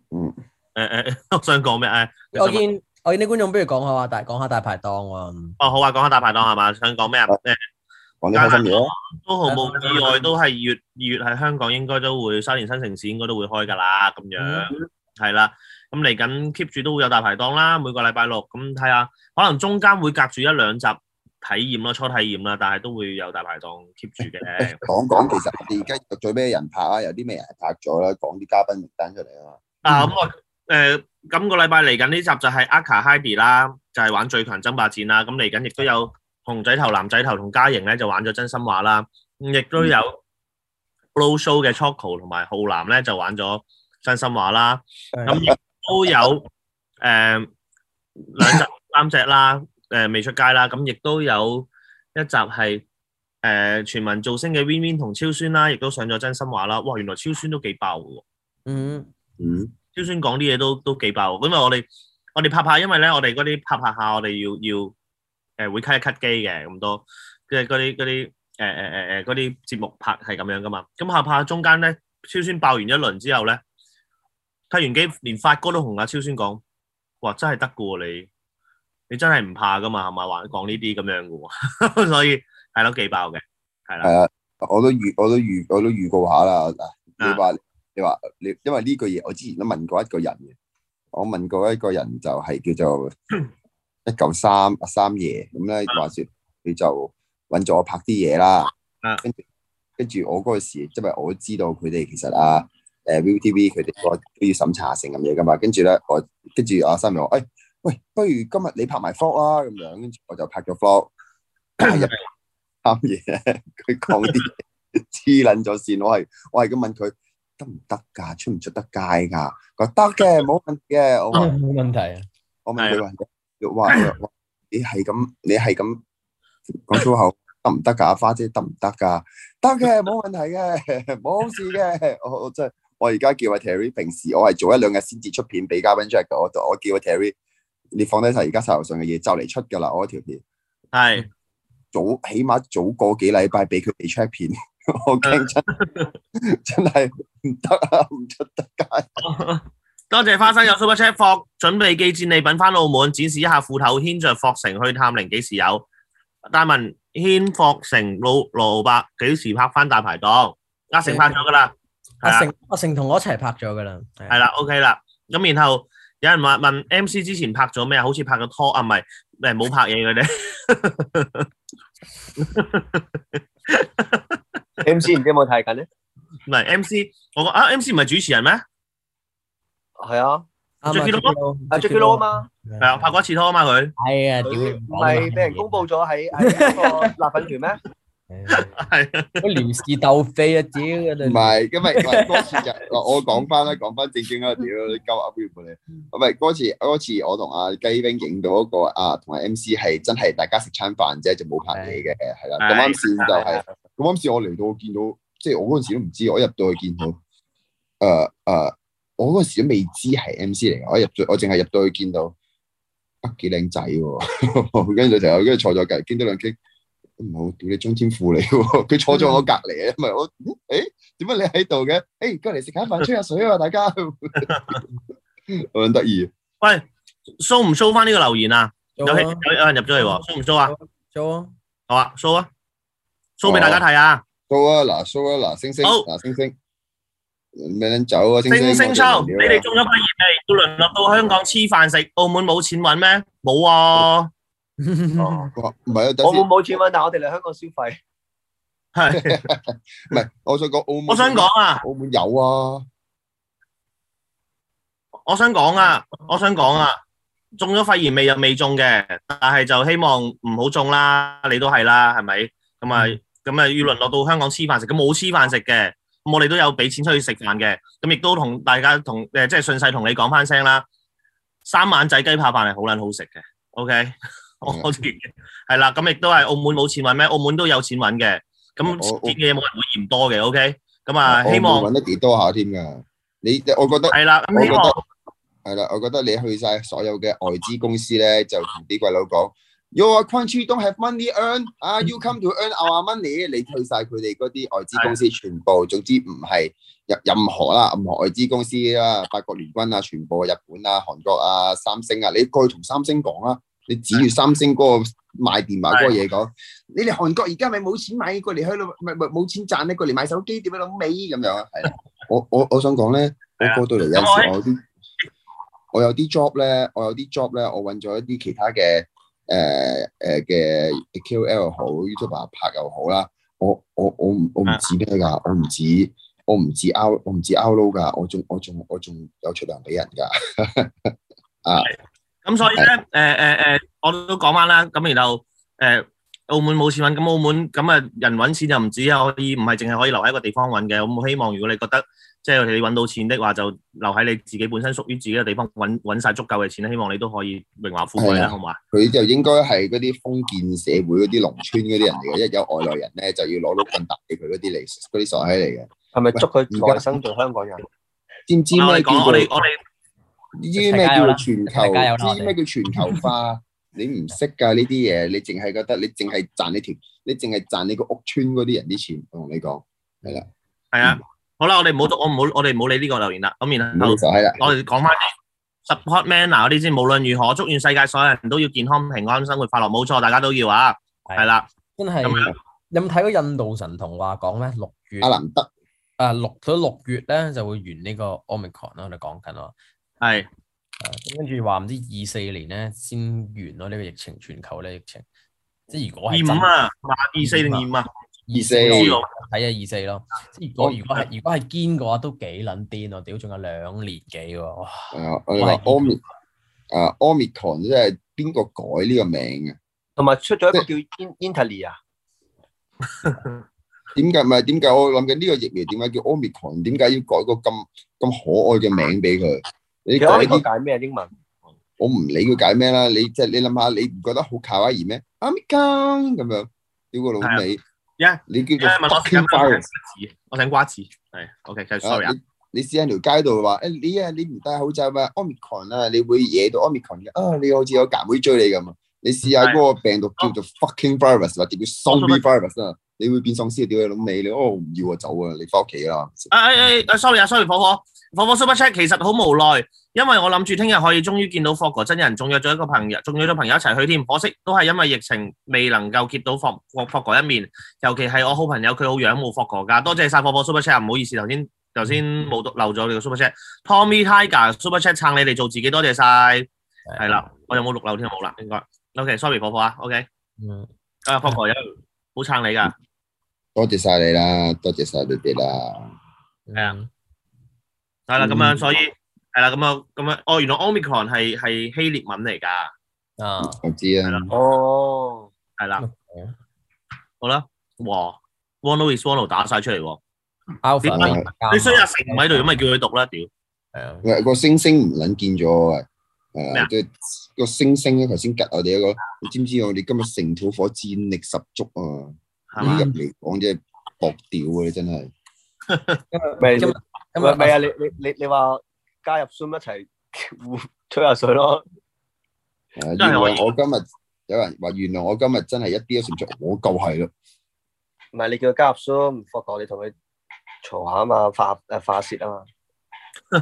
嗯。誒誒、就是，嗯嗯、 我想講咩？誒，我見我，我見啲觀眾不如講下大講下大排檔喎。哦，好啊，講下大排檔係嘛？想講咩啊？誒，講啲開心嘢都毫無意外，都係越越喺香港應該都會沙田新城市應該都會開㗎啦。咁樣係啦。咁嚟緊 keep 住都會有大排檔啦。每個禮拜六咁睇下，可能中間會隔住一兩集。體驗啦，初體驗啦，但係都會有大排檔 keep 住嘅。講 講其實而家最咩人拍啊？有啲咩人拍咗啦？講啲嘉賓名單出嚟啦。啊，咁我誒今個禮拜嚟緊呢集就係 Aka Heidi 啦，就係、是、玩最強爭霸戰啦。咁嚟緊亦都有熊仔頭、男仔頭同嘉瑩咧，就玩咗真心話啦。亦都有 Blow Show 嘅 Choco 同埋浩南咧，就玩咗真心話啦。咁、嗯、亦都有誒、 呃、兩隻三隻啦。 誒、呃、未出街啦，咁亦都有一集係誒、呃、全民造星嘅 Winwin 同超酸啦，亦都上咗真心話啦。哇，原來超酸都幾爆㗎喎！嗯、mm、嗯 -hmm.，超酸講啲嘢都都幾爆喎。因為我哋我哋拍拍，因為咧我哋嗰啲拍拍下，我哋要要誒、呃、會 cut 一 cut 機嘅咁多嘅嗰啲嗰啲誒誒誒誒啲節目拍係咁樣噶嘛。咁拍拍下中間咧，超酸爆完一輪之後咧 cut 完機連發哥都同阿超酸講：，哇，真係得㗎你！你真係唔怕噶嘛？係咪話講呢啲咁樣噶喎？ 所以係咯，記爆嘅，係啦。係、uh, 啊，我都預，我都預，我都預告下啦。你話，你話，你因為呢句嘢，我之前都問過一個人嘅。我問過一個人就係叫做一九三啊三爺咁咧，呢 uh. 話説佢就揾咗我拍啲嘢啦。跟住，跟住我嗰時，因為我知道佢哋其實啊，誒、呃、ViuTV 佢哋都要審查成咁嘢噶嘛。跟住咧，我跟住阿、啊、三爺話：，誒、哎。喂，不如今日你拍埋 vlog 啦，咁樣，跟住我就拍咗 vlog。 啱嘢，佢講啲黐捻咗線。我係我係咁問佢，得唔得噶？出唔出得街噶？佢話得嘅，冇問題嘅。我冇 問問題啊。我問佢話 你， 你係咁， 你係咁講粗口得唔得噶？花姐得唔得噶？得 嘅，冇問題嘅，冇事嘅。我我真係，我而家叫阿 Terry。平時我係做一兩日先至出片俾嘉賓 check 嘅。我我叫阿 Terry。你放低晒而家手頭上嘅嘢就嚟出噶啦，我條片係早起碼早過幾禮拜俾佢哋 check 片，我驚真 真係唔得啊，唔出得街。哈哈多謝花生有 s u p e check 放，準備寄戰利品翻澳門展示一下。褲頭牽着霍成去探靈，幾時有？戴文牽霍成老路白幾時拍翻大排檔？阿成拍咗噶啦，阿成阿成同我一齊拍咗噶啦，係啦，OK 啦，咁然後。有人問問 M C 之前拍咗咩啊？好似拍咗拖啊，唔係，誒，冇拍嘢嘅咧。M C 唔知有冇睇緊咧？唔係 M C，我講啊，M C 唔係主持人咩？係啊，阿 jacky 盧啊，阿 jacky 盧啊嘛，係啊，拍過一次拖啊嘛，佢係啊，點唔係俾人公布咗喺喺嗰個立粉團咩？係、 嗯 那個，我連是鬥非啊！屌，唔係，因為嗰次就我講翻啦，講翻正經啦，屌，你夠阿 B 嘅你，唔係嗰次，嗰、那個、次我同阿雞兵影到一個啊，同埋 M C 係真係大家食餐飯啫，就冇拍嘢嘅，係啦，咁啱先就係、是，咁啱先我嚟到我見到，即係我嗰陣時都唔知，我入到去見到，誒、呃、誒、呃，我嗰陣時都未知係 M C 嚟，我入咗，我淨係入到去見到幾靚仔，跟住就又跟住坐咗隔籬，傾多兩傾。唔好叫你中天富嚟喎，佢坐咗我隔籬啊，唔、嗯、係我，誒、欸，點解你喺度嘅？誒、欸，過嚟食下飯，吹下水啊，大家，好得意。喂，掃唔掃翻呢個留言啊？啊，有有有人入咗嚟，掃唔掃啊？做啊，係嘛？掃啊，掃俾、啊啊、大家睇啊。掃啊，嗱掃啊，嗱、啊啊啊、星星，嗱、啊、星星，咩人走啊？星星，星星、星、星收，你哋中咗塊鹽地，都淪落到香港黐飯食，澳門冇錢搵咩？冇啊。嗯唔係澳門冇錢，我錢，我錢，我錢，但我哋嚟香港消費係，唔係我想講澳門，我想講啊，澳門有啊，我想講啊，我想講啊，中咗肺炎未入未中嘅，但係就希望唔好中啦，你都係啦，係咪？咁、嗯、啊，咁啊，要淪落到香港黐飯食，咁冇黐飯食嘅，咁我哋都有俾錢出去食飯嘅，咁亦都同大家同誒、呃，即係順勢同你講翻聲啦，三晚仔雞扒飯係好捻好食嘅，OK。我我見嘅係啦，咁亦都係澳門冇錢揾咩？澳門都有錢揾嘅，咁見嘅嘢冇人會嫌多嘅，OK？咁啊，希望揾得幾多下添㗎？你我覺得係啦，咁呢個係啦，我覺得你去晒所有嘅外資公司咧，就同啲鬼佬講，Your country don't have money earn，啊，You come to earn our money，你退晒佢哋嗰啲外資公司全部，總之唔係任任何啦，任何外資公司啦，八國聯軍啊，全部日本啊、韓國啊、三星啊，你過去同三星講啦。你指住三星嗰個賣電話嗰個嘢講，你哋韓國而家咪冇錢買過嚟去咯，咪咪冇錢賺咧過嚟買手機，點樣諗味咁樣啊？係啊，我我我想講咧，我過到嚟有時我有啲，我有啲 job 咧，我有啲 job 咧，我搵咗一啲其他嘅，誒誒嘅 KOL 又好，YouTube 拍又好啦。我我我我唔止咩噶，我唔止我唔止 out 我唔止 out low 噶，我仲我仲我仲有出糧俾人噶啊！咁所以咧，誒誒誒，我都講翻啦。咁然後，誒、呃，澳門冇錢揾，咁澳門咁啊，人揾錢就唔止啊，可以唔係淨係可以留喺一個地方揾嘅。我希望，如果你覺得即係你揾到錢的話，就留喺你自己本身屬於自己嘅地方揾揾曬足夠嘅錢，希望你都可以榮華富貴啊，好嘛？佢就應該係嗰啲封建社會嗰啲農村嗰啲人嚟嘅， 一有外來人咧，就要攞到棍打俾佢嗰啲嚟，嗰啲傻閪嚟嘅，係咪祝佢改生做香港人？知唔知咩叫做？呢啲咩叫做全球？啲咩叫做全球化？ 你唔識噶呢啲嘢，你淨係覺得你淨係賺呢條，你淨係賺你個屋村嗰啲人啲錢。我同你講，係啦，係啊、嗯，好啦，我哋唔好，我唔好，我哋唔好理呢個留言啦。咁然後，係啦、這個。我哋講翻啲 support manner 嗱嗰啲先。無論如何，祝願世界所有人都要健康、平安、生活快樂。冇錯，大家都要啊。係啦，真係。有冇睇過印度神童話講咧？六月阿蘭德啊，六佢六月咧就會完呢個 omicron 啦。我哋講緊咯。係，跟住話唔知二四年咧先完咗呢、呢個疫情全球咧疫情，即係如果係二五啊，二四年啊，二四睇下二四咯。即如果如果係如果係堅嘅話，都幾撚癲啊！屌仲有兩年幾喎？啊，阿 Omicron 即係邊個改呢個名嘅？同埋出咗一個叫 Interly 啊？點解唔係點解？我諗緊呢個疫苗點解叫 Omicron 點解要改個咁咁可愛嘅名俾佢？你一解咩英文我唔理佢解咩啦。你即係你諗下，你唔覺得好卡哇伊咩？Omicron 咁樣，屌個老味。一、啊 yeah. 你叫做 fucking virus，我姓瓜子。係，OK，sorry。你試下條街度話：誒，你啊、欸，你唔戴口罩咩？Omicron 啊，你會惹到 Omicron 嘅、啊。啊，你好似有夾妹追你咁啊！你試下嗰個病毒叫做 fucking virus，、oh. 或者叫 zombie virus 啊！你會變喪屍，屌個老味。你哦，唔要啊，走啊！你翻屋企啦。誒誒誒，sorry 啊，sorry，火火。火火 Super Chat 其實好無奈，因為我諗住聽日可以終於見到霍哥真人，仲約咗一個朋友，仲約咗朋友一齊去添。可惜都係因為疫情，未能夠見到霍霍霍哥一面。尤其係我好朋友，佢好仰慕霍哥噶。多謝晒火火 Super Chat，唔好意思，頭先頭先冇留咗你個 Super Chat、嗯。Tommy Tiger、嗯、Super Chat 撐你哋做自己，多謝晒。係啦，我有冇讀漏添？好啦，應該。OK，sorry 火火啊。OK，嗯，啊霍哥一路，好撐、okay、你噶。多謝晒你啦，多謝晒你哋啦。係、嗯、啊。係啦，咁樣所以係啦，咁啊，咁樣哦，原來 omicron 係係希臘文嚟噶，啊我知啊，係啦，哦係啦，好啦，哇，oneo is oneo 打晒出嚟喎，點解你衰阿成唔喺度，咁咪叫佢讀啦屌，係啊，個星星唔撚見咗啊，即係個星星呢頭先吉我哋一個，你知唔知我哋今日成條火戰力十足啊，入嚟講真係搏屌啊真係，今日今日。咁、嗯、啊，唔係啊，你你你你話加入 zoom 一齊互吹下水咯。因為我今日有人話，原來我今日真係一啲都唔成熟，我夠係咯。唔係你叫佢加入 zoom，唔合格你同佢嘈下啊嘛，發啊發泄啊嘛，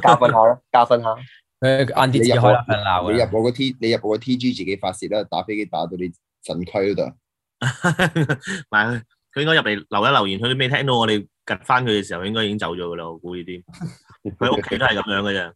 教教 加分下咯，加分下。你入，你入我個 t，你入我個 tg 自己發泄啦，打飛機打到你腎虧嗰度。唔 佢應該入嚟留一留言，佢都未聽到我哋。趌翻佢嘅時候應該已經走咗噶啦，我估呢啲。佢屋企都係咁樣嘅啫，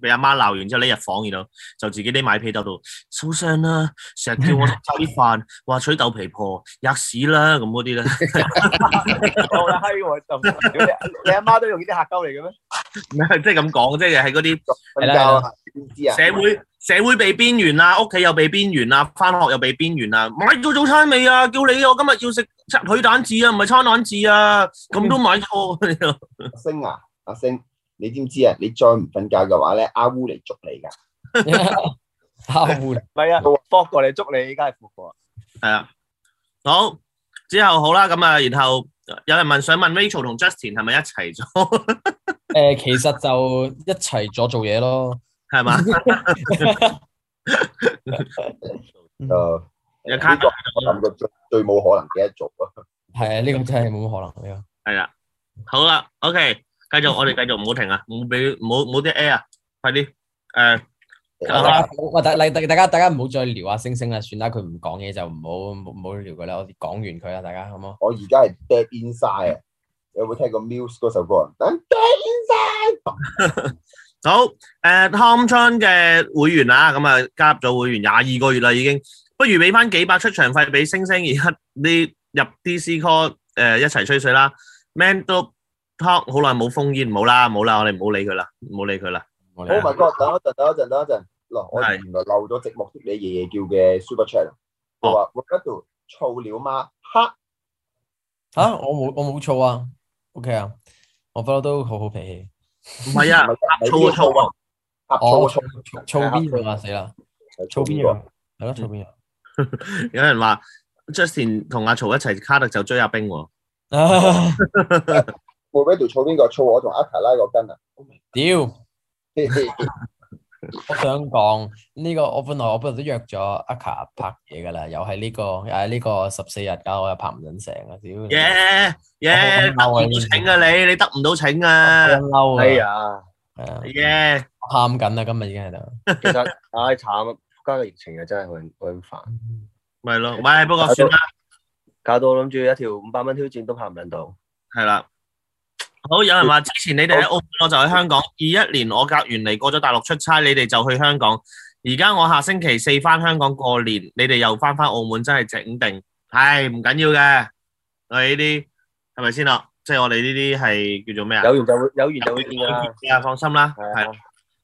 俾阿媽鬧完之後匿入房，然後就自己匿埋被竇度收聲啦。成日叫我炒啲飯，話取豆皮婆，吔屎啦咁嗰啲咧。做下閪喎，你阿媽都用呢啲客鳩嚟嘅咩？唔 係，即係咁講，即係喺嗰啲瞓知啊？社會。社會被邊緣啦，屋企又被邊緣啦，返學又被邊緣啦。買咗早餐未啊？叫你，我今日要食拆腿蛋治啊，唔係餐蛋治啊。咁都買錯啊！ 阿星啊，阿星，你知唔知啊？你再唔瞓覺嘅話咧，阿烏嚟捉你噶。 阿烏，嚟係啊，博過嚟捉你，依家係博過。係 啊，好之後好啦，咁啊，然後有人問想問 Rachel 同 Justin 係咪一齊咗？誒、 呃，其實就一齊咗做嘢咯。係嘛？誒、 呃，呢、這個我諗個最冇可能嘅一族咯。係啊，呢咁真係冇可能嚟啊。係、這、啦、個，好啦，OK，繼續，我哋繼續唔好停啊，唔好俾唔好啲 A 啊，快啲。誒、呃，大家大大家大家唔好再聊阿星星啊，算啦，佢唔講嘢就唔好唔聊佢啦，我哋講完佢啦，大家好唔好？我而家係 dead inside，有冇聽過 Muse 嗰首歌？dead inside。 好，誒、呃，湯 n 嘅會員啦，咁啊加入咗會員廿二個月啦，已經，不如俾翻幾百出場費俾星星，而家呢入 D C call，誒、呃、一齊吹水啦。Man 都 talk 好耐冇封煙，唔好啦，唔好啦，我哋唔好理佢啦，唔好理佢啦。好唔好？等一陣，等一陣，等一陣，等一陣，嗱，我原來漏咗寂寞啲你爺爺叫嘅 super chat，我話 what do 燥了嗎？黑？吓，我冇我冇燥啊，OK 啊，我不嬲、啊 okay. 都好好脾氣。唔係啊，阿曹啊，曹啊，哦，曹，曹邊個啊，死啦，曹邊個，係咯，曹邊個，有人話 Justin 同阿曹一齊，卡特就追阿冰喎，會俾度曹邊個，曹、嗯嗯、 我同阿卡拉個根啊，屌。 我想講呢個，我本來我本來都約咗阿卡拍嘢噶啦，又係呢個又係呢個十四日噶，我又拍唔盡成啊！屌，耶耶，得唔到請啊你，你得唔到請啊！好嬲啊，係啊，係啊，耶，喊緊啦，今日已經喺度。其實，唉，慘，而家嘅疫情又真係好，好煩。咪咯，咪不過算啦，搞到我諗住一條五百蚊挑戰都拍唔到。係啦。好有人話，之前你哋喺澳門，我就喺香港。二一年我隔完嚟過咗大陸出差，你哋就去香港。而家我下星期四翻香港過年，你哋又翻翻澳門，真係整定。係唔緊要嘅，我哋呢啲係咪先咯？即係我哋呢啲係叫做咩啊？有緣就會有緣就會見噶啦。你啊放心啦，係。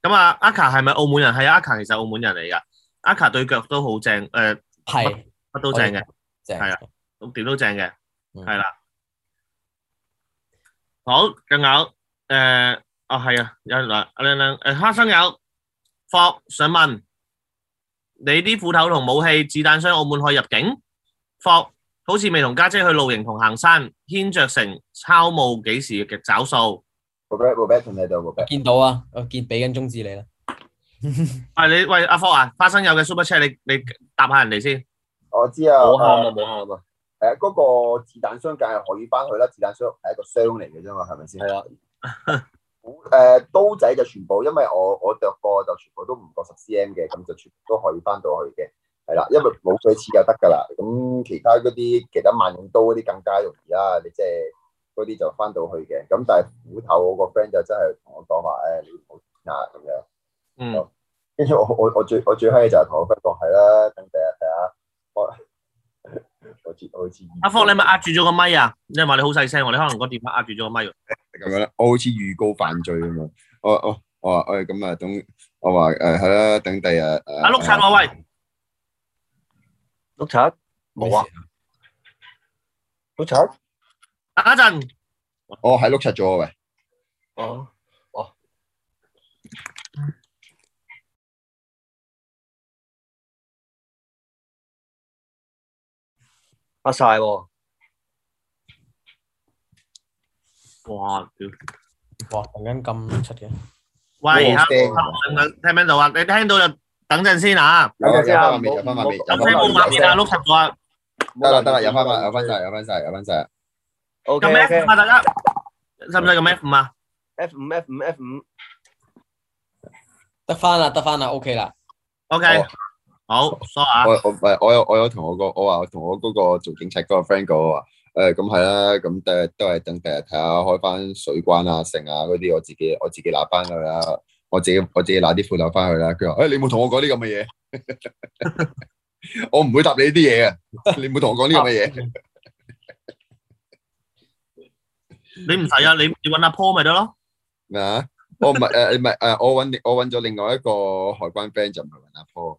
咁啊，Aka 係咪澳門人？係啊，Aka 其實澳門人嚟噶。Aka 對腳都好正，誒，係乜都正嘅，係啊，咁點都正嘅，係啦。好，仲有誒，哦係啊，有人來阿靚靚，誒花生友，霍，想問你啲斧頭同武器、子彈箱澳門可以入境？霍好似未同家姐去露營同行山，牽着城抄墓幾時嘅找數？冇俾，冇俾，同你對冇俾。見到啊，我見俾緊中字你啦。喂你喂阿霍啊，花生友嘅 Super Chat 你你答下人哋先。我知啊。冇喊啊！冇喊啊！誒、那、嗰個子彈箱梗係可以翻去啦，子彈箱係一個箱嚟嘅啫嘛，係咪先？係啊，斧、 呃、刀仔就全部，因為我我着過就全部都唔過十 CM 嘅，咁就全部都可以翻到去嘅，係啦，因為冇鋸齒就得㗎啦。咁其他嗰啲其他萬用刀嗰啲更加容易啦，啊，你即係嗰啲就翻到去嘅。咁但係斧頭我個 friend 就真係同我講話，誒你嗱咁樣，嗯，跟、哎、住我我我最我最閪嘅就係同我 friend 講係啦，等第日睇下。等等我我知，我知。阿、啊、福，你咪壓住咗個咪啊！你話你好細聲，我你可能個電話壓住咗個咪咁、啊、樣我好似預告犯罪啊嘛！我我我我咁啊，等我話誒，係、啊、啦、啊啊啊啊啊啊啊，等第日誒。阿碌柒，我喂，碌柒？冇啊，碌柒。等陣，哦，係碌柒咗喂。哦、啊。乜晒喎？哇屌！哇，突然間咁出嘅。喂，聽唔聽到啊？你聽到就等陣先啊。有翻畫面，有翻畫面，有翻畫面。有冇畫面啊？錄實咗啊？得啦得啦，有翻晒，有翻晒，有翻晒，有翻晒。咁咩？大家使唔使咁 F 五啊？F 五、F 五、F 五。得翻啦，得翻啦，OK 啦。OK。好，sorry 啊！我我唔係，我有我有同我個我話同我嗰個做警察嗰個 friend 講，我話誒咁係啦，咁第日都係等第日睇下開翻水關啊、城啊嗰啲，我自己我自己拿翻去啦，我自己我自己拿啲款翻去啦。佢話誒，你唔好同我講呢咁嘅嘢，我唔會答你呢啲嘢嘅，你唔好同我講呢咁嘅嘢。你唔使啊，你你搵阿 Paul 咪得咯。咩啊？我唔係誒唔係誒，我搵我搵咗另外一個海關 friend 就唔係搵阿 Paul。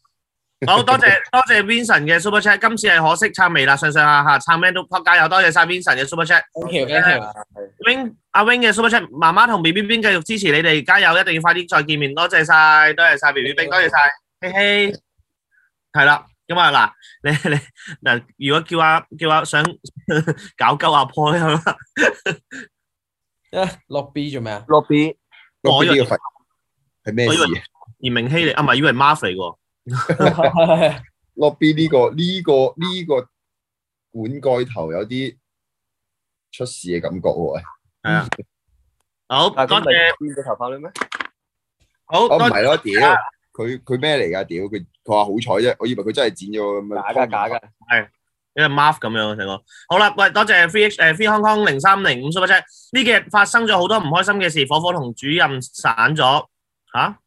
好多謝多謝 Vincent 嘅 Super Chat，今次係可惜撐未啦，上上下下撐咩都撲，加油！多謝晒 Vincent 嘅 Super Chat。Thank you，thank you。Win 阿 Win 嘅 Super Chat，媽媽同 B B B 繼續支持你哋，加油！一定要快啲再見面，多謝晒，多謝晒 B B B，多謝晒，嘿嘿。係啦，咁啊嗱，你你嗱，如果叫阿叫阿想搞鳩阿破咧，落 B 做咩啊？落 B，落 B 要肥係咩事啊？嚴明希你，啊唔係，以為 Marvin 個。落邊呢個呢、這個呢、這個管蓋頭有啲出事嘅感覺喎，係啊，好 多謝變咗、啊、頭髮啦咩？好，我唔係咯，屌佢佢咩嚟噶？屌佢佢話好彩啫，我以為佢真係剪咗咁假噶假噶，係因為 mask 咁樣成個。好啦，喂，多謝 three h 誒 three Hong Kong 零三零五十八七呢幾日發生咗好多唔開心嘅事，火火同主任散咗，吓、啊，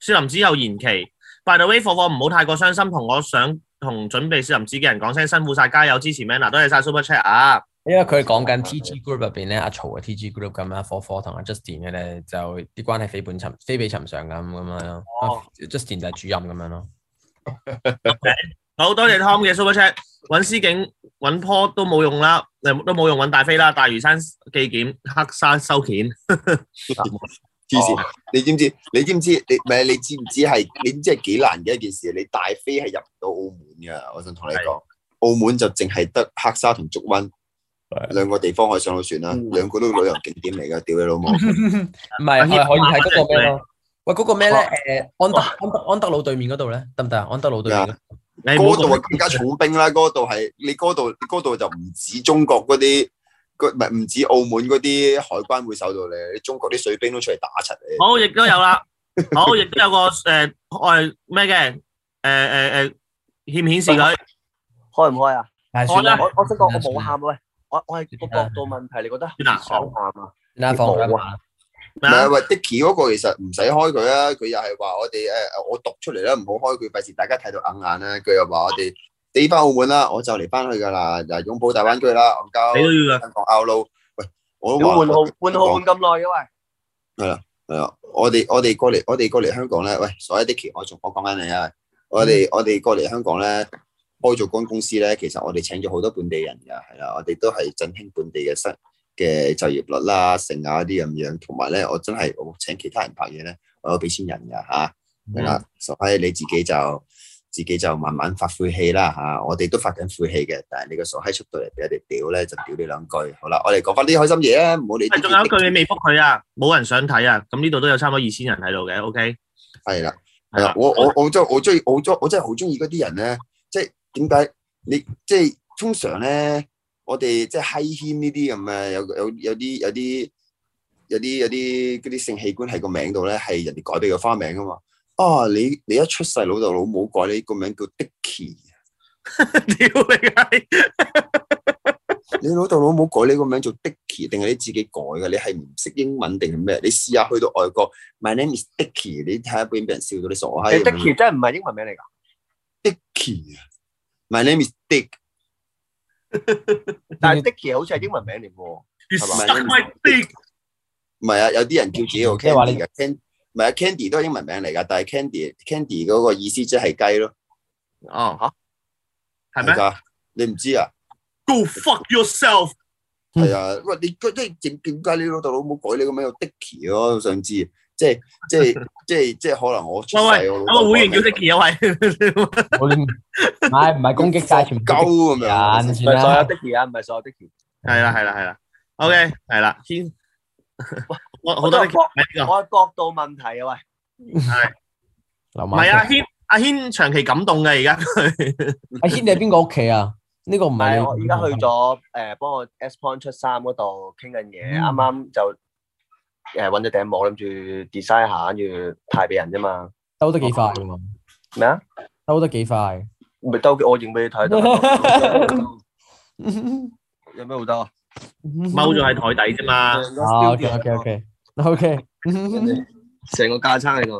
蕭林只有延期。By the way，火火唔好太過傷心，同我想同準備試林子嘅人講聲辛苦晒，加油支持 man 嗱，多謝晒 super chat 啊！因為佢講緊 TG group 入邊咧，阿、啊啊、曹嘅 TG group 咁、啊、樣，火火同阿 Justin 嘅咧就啲關係非本尋非比尋常咁咁樣。哦、啊 oh. 啊、，Justin 就係主任咁樣咯。 okay. 好多謝 Tom 嘅 super chat，揾司警揾波都冇用啦，誒都冇用揾大飛啦，大嶼山紀檢黑沙收片。 哦、你知唔知？你知唔知？你唔你知唔知係？你知唔知係幾難嘅一件事，你大飛係入唔到澳門㗎，我想同你講。澳門就淨係得黑沙同竹灣兩個地方可以上到船啦，嗯、兩個都旅遊景點嚟㗎，屌你老母嗯嗯！唔係， 可以喺嗰個咩？喂，嗰、嗰個咩咧？誒，安德安德安德魯對面嗰度咧，得唔得啊？安德魯對面咧？你嗰度更加重兵啦，嗰度係你嗰度，嗰度就唔止中國嗰啲。唔係唔止澳門嗰啲海關會守到你，中國啲水兵都出嚟打柒你。好，亦都有啦。好，亦都有個誒，我係咩嘅？誒誒誒，顯唔顯示佢開唔開啊？我我我識講，我冇喊，喂，我我係個角度問題，你覺得？嗱，開啊嘛，你冇啊？唔係喂，Dicky 嗰個其實唔使開佢啊，佢又係話我哋誒，我讀出嚟啦，唔好開佢，費事大家睇到眼眼啦。佢又話我哋。你翻澳門啦，我就嚟翻去噶啦，就擁抱大灣區啦，唔交香港凹路。喂，我換澳換號換咁耐嘅喂。係啦，係啦，我哋我哋過嚟我哋過嚟香港咧，喂，所有啲嘢我仲我講緊你啊。我哋我哋、嗯、過嚟香港咧，開咗公公司咧，其實我哋請咗好多本地人噶，係啊，我哋都係振興本地嘅新嘅就業率啦、剩啊啲咁樣，同埋咧，我真係我請其他人拍嘢咧，我有俾錢人噶吓，明、嗯、啦。所以你自己就。自己就慢慢發晦氣啦吓，我哋都發緊晦氣嘅，但係你個傻閪出到嚟，俾我哋屌咧，就屌你兩句。好啦，我哋講翻啲開心嘢啊，唔好理。仲有一句你未復佢啊，冇人想睇啊。咁呢度都有差唔多二千人喺度嘅。OK，係啦，係啦，我我我，我，我，我真我中意我真我真係好中意嗰啲人咧，即係點解你即係、就是、通常咧，我哋即係嗨謙呢啲咁嘅，有有有啲有啲有啲有啲啲性器官喺個名度咧，係人哋改俾個花名啊嘛。啊！你你一出世老豆老母改你個名叫 Dickie， 你老豆老母改你個名叫 Dickie，定係你自己改噶？你係唔識英文定係咩？你試下去到外國，my name is Dickie，你睇下邊俾人笑到你,你傻閪。Dickie 真係唔係英文名嚟噶？Dickie 啊，my name is Dick， 但係 Dickie 好似係英文名嚟喎。唔 係 啊，有啲人叫自己 OK k 話你 Can... 唔係啊，Candy 都係英文名嚟㗎，但係 Candy，Candy 嗰個意思即係雞咯。哦，吓，係咪？你唔知啊？Go fuck yourself！係、嗯、啊，喂，你即係點解你老豆老母改你個名叫 Dickie 咯？我想知？即係即係即係即係可能我因為我會員叫 Dickie 啊，係唔係唔係攻擊價全鳩咁樣算啦、啊？所有 Dickie 啊，唔係所有 Dickie。係啦係啦係啦，OK 係啦 我好多，我角度問題啊喂，係，唔係阿軒，阿軒長期感動嘅而家，阿軒你喺邊個屋企啊？呢個唔係我而家去咗誒，幫我 S point 出衫嗰度傾緊嘢，啱啱就誒搵咗頂帽諗住 design 下，跟住派俾人啫嘛，兜得幾快啊？咩啊？兜得幾快？唔係兜嘅，我影俾你睇。有咩好兜啊？踎咗喺台底啫嘛。OK，OK，OK。O K，成個架撐喺度。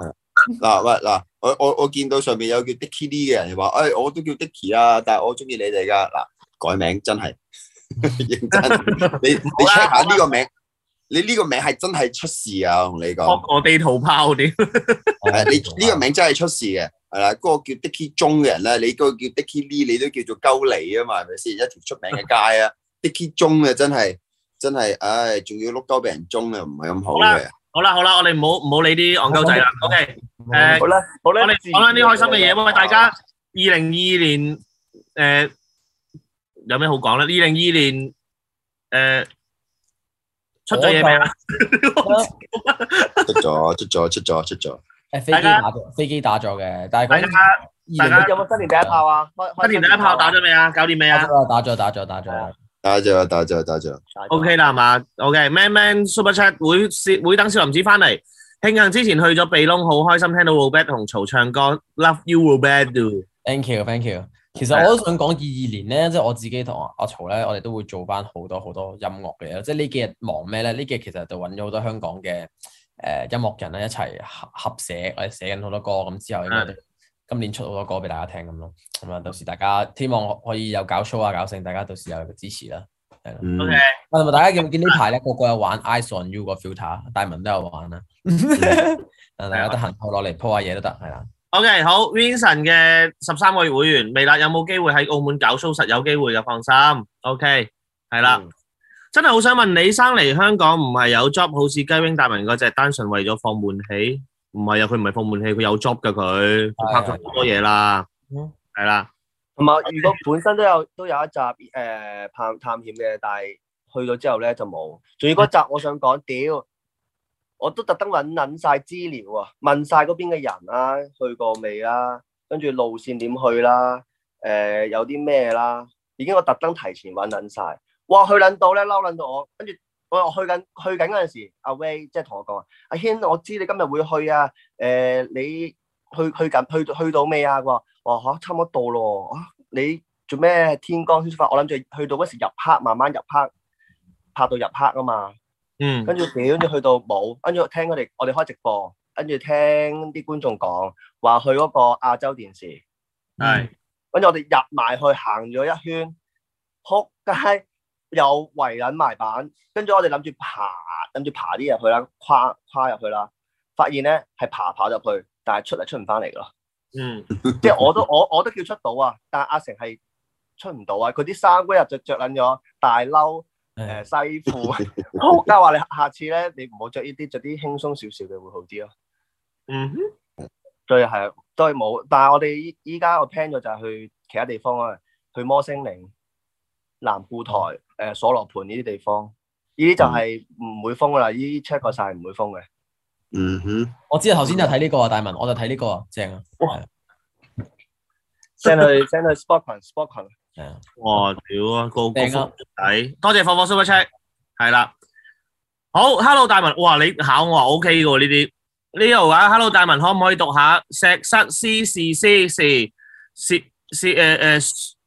嗱、啊，喂，嗱、啊，我我我見到上面有叫 Dickie Lee 嘅人話，誒、哎，我都叫 Dickie 啊，但係我中意你哋噶。嗱、啊，改名真係認真。 你、啊、你 check 下呢個名，啊、你呢個名係真係出事啊！同你講，我我地圖炮啲。誒， 你呢個名真係出事嘅、啊，係啦，嗰個叫 Dickie 中嘅人咧，你嗰個叫 Dickie Lee，你都叫做鳩你啊嘛，係咪先？一條出名嘅街啊 ，Dickie 中啊，真係。真係，唉，仲要碌鳩俾人中又唔係咁好嘅。好啦，好啦，好啦，我哋唔好唔好理啲戇鳩仔啦。OK，好啦，好啦，講啲講啲開心嘅嘢，唔該大家。二零二二年，誒，有咩好講咧？二零二二年，誒，出咗嘢未啊？出咗，出咗，出咗，出咗。誒，飛機打咗，飛機打咗嘅，但係講下，大家有冇新年第一炮啊？新年第一炮打咗未啊？搞掂未啊？打咗，打咗，打咗。打咗啊，打咗，打咗。O K 啦，係嘛？O K，Man Man Super Chat 會會等少林寺翻嚟。慶幸之前去咗鼻窿，好開心聽到 Will b e r t 同曹唱歌。Love you, Robert, do. Thank you, thank you。其實我都想講二二年咧，即係我自己同阿阿曹咧，我哋都會做翻好多好多音樂嘅。即係呢幾日忙咩咧？呢幾日其實就揾咗好多香港嘅誒、呃、音樂人咧一齊合合寫，我哋寫緊好多歌咁之後應該。今年出好多歌俾大家聽咁咯，咁啊到時大家希望可以有搞 show 啊搞成，大家到時有個支持啦，係啦。O K，同埋大家見唔見呢排咧個個有玩《Eyes on You》個 filter，大文都有玩啊， 大家得閒鋪落嚟鋪下嘢都得，係啦。O、okay, K，好 Vincent 嘅十三位月會員，未來有冇機會喺澳門搞 show 實有機會嘅，放心。O K，係啦，真係好想問李生嚟香港唔係有 job，好似雞 wing 大文嗰隻，單純為咗放門起。唔係啊，佢唔係放滿戲，佢有 job 噶佢，佢拍咗好多嘢啦，係啦。同埋如果本身都有都有一集誒、呃、探探險嘅，但係去咗之後咧就冇。仲要嗰集，我想講屌， 我都特登揾撚晒資料啊，問晒嗰邊嘅人啊，去過未啊？跟住路線點去啦，誒、呃、有啲咩啦，已經我特登提前揾撚晒。哇，去卵到咧，嬲卵到我，跟住。我，我去緊去緊嗰陣時，阿 Ray 即係同我講阿、啊、軒，我知你今日會去啊。誒、呃，你去去緊去去，去到未啊？佢話：哇嚇差唔多到咯、啊。你做咩天光先出發？我諗住去到嗰時入黑，慢慢入黑，拍到入黑啊嘛。嗯。跟住屌，跟住去到冇，跟住聽佢哋我哋開直播，跟住聽啲觀眾講話去嗰個亞洲電視。係。跟住我哋入埋去行咗一圈，撲街。有圍欄埋板，跟住我哋諗住爬，諗住爬啲入去啦，跨跨入去啦，發現咧係爬爬入去，但係出嚟出唔翻嚟㗎咯。嗯， 即係我都我我都叫出到啊，但係阿成係出唔到啊。佢啲衫嗰日就着緊咗大褸誒、呃、西褲， 我家話你下次咧，你唔好着呢啲，着啲輕鬆少少嘅會好啲咯、啊。嗯哼，對係都係冇，但係我哋依依家我 plan 咗就係去其他地方啊，去摩星嶺、南固台。嗯誒鎖羅盤呢啲地方，呢啲就係唔會封啦，呢啲 check 過晒唔會封嘅。嗯哼，我知啊，頭先就睇呢個啊，大文，我就睇呢、呢個啊，正啊。哇、哦嗯呃、啊。send 去 send 去 sport 群，sport 群係啊。哇！屌啊，高高級多謝放放 super check。係啦。好，hello 大文，哇！你考我 OK 嘅喎呢啲呢度啊。Hello, hello 大文，可唔可以讀下石室 c 四，C，四詩詩誒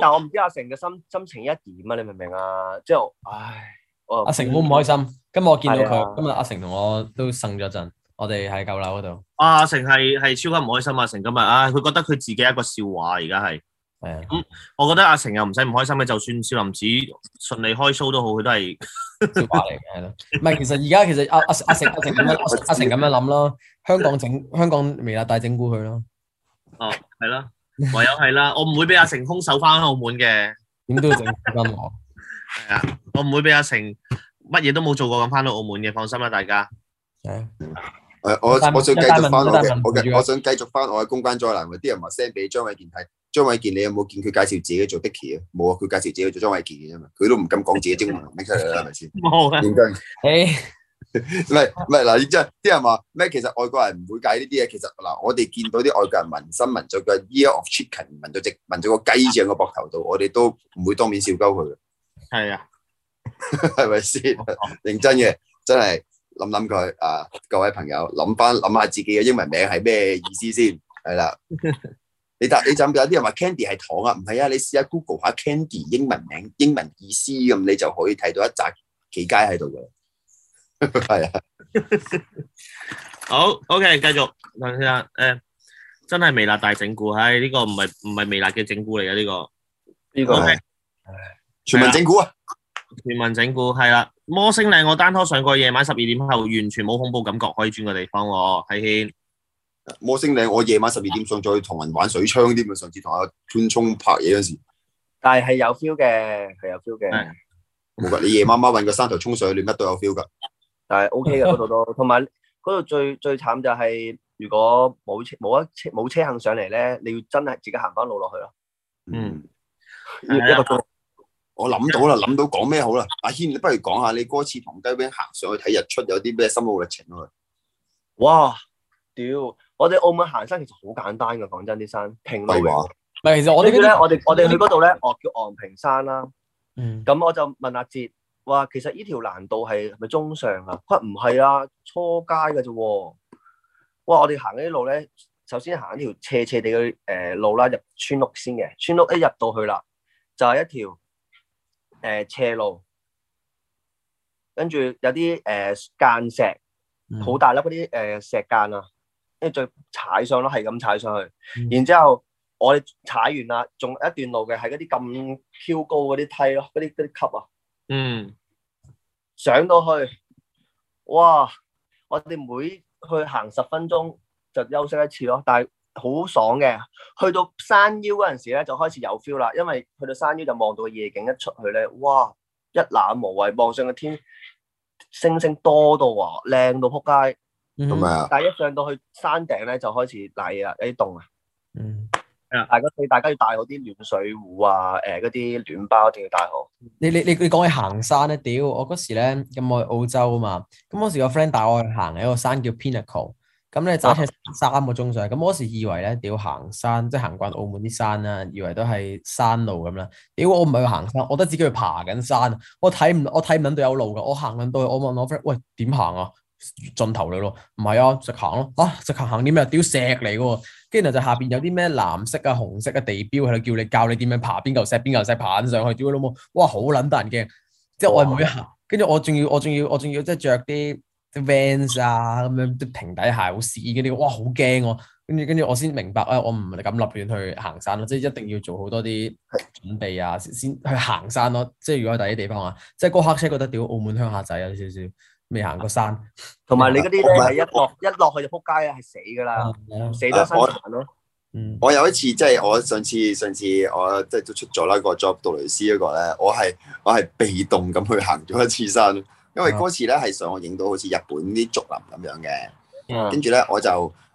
但我唔知道阿成嘅心心情一點啊，你明唔明啊？之後唉，阿成好唔開心。今日我見到佢，啊，今日阿成同我都呻咗陣。我哋喺舊樓嗰度。阿成係係超級唔開心，阿成今日唉，佢，啊、覺得佢自己一個笑話而家係。係咁，啊嗯、我覺得阿成又唔使唔開心嘅，就算少林寺順利開 show 都好，佢都係笑話嚟嘅。係 咯。唔係，其實而家其實阿阿 阿成阿成咁樣 阿成咁樣諗咯，香港整香港未辣大整蠱佢咯。哦、啊，係啦。 唯有係啦，我唔會俾阿成空手翻澳門嘅，點都要整資我。係啊，我唔會俾阿成乜嘢都冇 做過咁翻到澳門嘅，放心啦大家。係、嗯、啊、嗯嗯哎，我我想繼續翻我嘅，我想繼續翻我嘅公關專欄。啲人話 send 俾張偉健睇。張偉健，你有冇見佢介紹自己做 Dicky 啊？冇啊，佢介紹自己做張偉健嘅啫嘛，佢都唔敢講自己英文名出嚟啦，係咪先？點、嗯、解？誒、 嗯。唔係唔係嗱，即係啲人話咩？其實外國人唔會解呢啲嘢。其實嗱，我哋見到啲外國人紋身紋咗個 year of chicken 紋到隻紋咗個雞在個膊頭度，我哋都唔會當面笑鳩佢。係啊，係咪先？認真嘅，真係諗諗佢啊！各位朋友，諗翻諗下自己嘅英文名係咩意思先。係啦， 你答你就咁解。啲人話 candy 係糖啊，唔係啊，你試下 google 下 candy 英文名英文意思咁，你就可以睇到一扎企街喺度嘅。係 是啊， 好 OK，繼續，陳先生，誒、欸，真係微辣大整蠱，唉、哎，呢、這個唔係唔係微辣嘅整蠱嚟啊。呢、這個呢、這個 okay,、欸、全民整蠱啊，啊全民整蠱係啦，摩、啊、星嶺我單拖上過夜晚十二點後，完全冇恐怖感覺，可以轉個地方喎，係、欸、軒，摩星嶺我夜晚十二點上，再去同人玩水槍啲嘛。 上次同阿潘冲拍嘢嗰時，但係係有 feel 嘅，係有 feel 嘅，冇 噶，你夜晚晚搵個山頭沖水，亂乜都有 feel 噶。但係 OK 嘅嗰度都，同埋嗰度最最慘就係如果冇車冇一車冇車行上嚟咧，你要真係自己行翻路落去咯、嗯。嗯，一個我諗到啦，諗到講咩好啦，阿軒，你不如講下你嗰次同雞兵行上去睇日出有啲咩心路歷程啊？哇，屌！我哋澳門行山其實好簡單噶，講真啲山平路。唔、嗯、係，其實我呢邊咧，我哋我哋去嗰度咧，我叫昂平山啦、啊。嗯，咁我就問阿哲。哇，其實呢條難度係係咪中上啊？佢唔係啊，初階嘅啫喎。哇，我哋行呢啲路咧，首先行一條斜斜地嘅誒路啦，入村屋先嘅。村屋一入到去啦，就係、是、一條誒、呃、斜路，跟住有啲誒、呃、澗石，好大粒嗰啲誒石澗啊，跟住再踩上咯，係咁踩上去。嗯、然之後我哋踩完啦，仲有一段路嘅係嗰啲咁 Q 高嗰啲梯咯，嗰啲嗰啲級啊。嗯，上到去，哇！我哋每去行十分鐘就休息一次咯，但係好爽嘅。去到山腰嗰陣時咧，就開始有 feel 啦，因為去到山腰就望到個夜景，一出去咧，哇！一覽無遺，望上個天星星多到啊，靚到撲街。嗯。係啊。但係一上到去山頂咧，就開始泥啊，有啲凍啊。嗯。啊，大個四，大家要帶好啲暖水壺啊，誒、呃，嗰啲暖包都要帶好。你你你你講起行山咧，屌我嗰時咧咁我去澳洲啊嘛，咁嗰時個 friend 帶我去行喺個山叫 Pinacle，咁咧揸車三個鐘上，咁嗰時以為咧屌，行山，即、就、係、是、行慣澳門啲山啦，以為都係山路咁啦，屌、欸、我唔係去行山，我都自己去爬緊山，我睇唔我睇唔到有路噶，我行緊到去，我問我 friend 喂，點行啊？盡頭嚟咯唔係啊，直行咯，啊，直行行啲咩？屌石嚟嘅，跟住就下邊有啲咩藍色啊、紅色嘅地標喺度，叫你教你點樣爬邊嚿石、邊嚿石爬上去，屌老母，哇，好撚得人驚，即係我係每行，跟住我仲要，我仲要，我仲要即係着啲 Vans 啊，咁樣啲平底鞋好屎，跟住哇，好驚、啊、我，跟住跟住我先明白啊、哎，我唔係咁立亂去行山咯，即係一定要做好多啲準備啊，先去行山咯，即係如果喺第一地方啊，即係嗰刻先覺得屌澳門鄉下仔有少少。未行過山，同、啊、埋你嗰啲唔係一落一落去就撲街啊，係死噶啦，死得身殘咯。嗯，我有一次即係、就是、我上次上次我即係都出咗啦個 job 杜蕾斯嗰個咧，我係我係被動咁去行咗一次山，因為嗰次咧係想我影到好似日本啲竹林咁樣嘅，跟住咧我就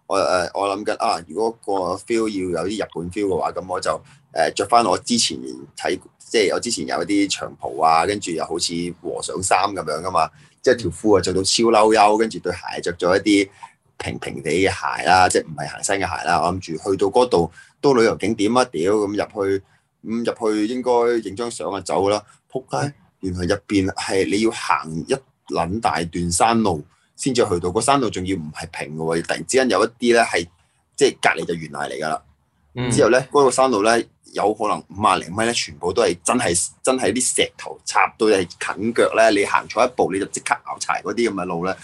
我誒我諗緊啊，如果個 feel 要有啲日本 feel 嘅話，咁我就誒着翻我之前睇即係我之前有一啲長袍啊，跟住又好似和尚衫咁樣噶嘛。即係條褲啊著到超嬲嬲，跟住對鞋着咗一啲平平地嘅鞋啦，即係唔係行山嘅鞋啦。我諗住去到嗰度都旅遊景點一屌咁入去，咁、嗯、入去應該影張相啊走啦。撲、嗯、街！原來入邊係你要行一撚大段山路先至去到，個山路嗯嗰個山路仲要唔係平嘅喎，突然之間有一啲咧係即係隔離就懸崖嚟㗎啦。之後咧嗰個山路咧。有可能五萬零米咧，全部都係真係真係啲石頭插到係近腳咧，你行錯一步你就即刻拗柴嗰啲咁嘅路咧。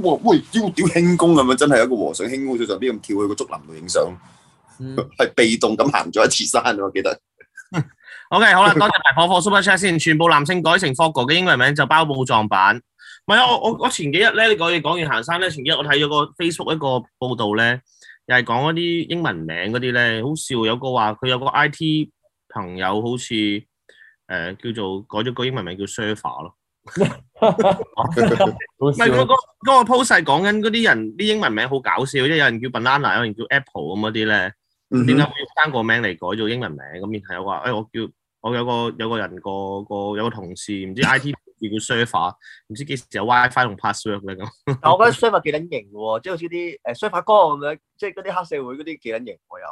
我喂，屌屌輕功咁樣，真係一個和尚輕功喺上邊咁跳去個竹林度影相，係、嗯、被動咁行咗一次山，我記得。OK，好啦，多 謝，謝大夥貨 Super Chat 先， 全部男性改成 Fogger 嘅英文名就包墓葬版。唔啊，我我我前幾日咧，你講嘢講完行山咧，前幾日我睇咗個 Facebook 一個報道咧。又係講嗰啲英文名嗰啲咧，好笑。有個話佢有個 I T 朋友，好似誒、呃、叫做改咗個英文名叫 server 咯。唔係個個 post 講緊嗰啲人啲英文名好搞笑，即係有人叫 banana，有人叫 apple 咁嗰啲咧。點解要三個名嚟改做英文名？咁然後有話誒，我叫我有個有個人個個有個同事唔知 I T。叫佢 server，唔知幾時有 WiFi 同 password 咁。但我覺得 server 幾撚型喎，即係好似啲誒 server 哥咁樣，即係嗰啲黑社會嗰啲幾撚型我又。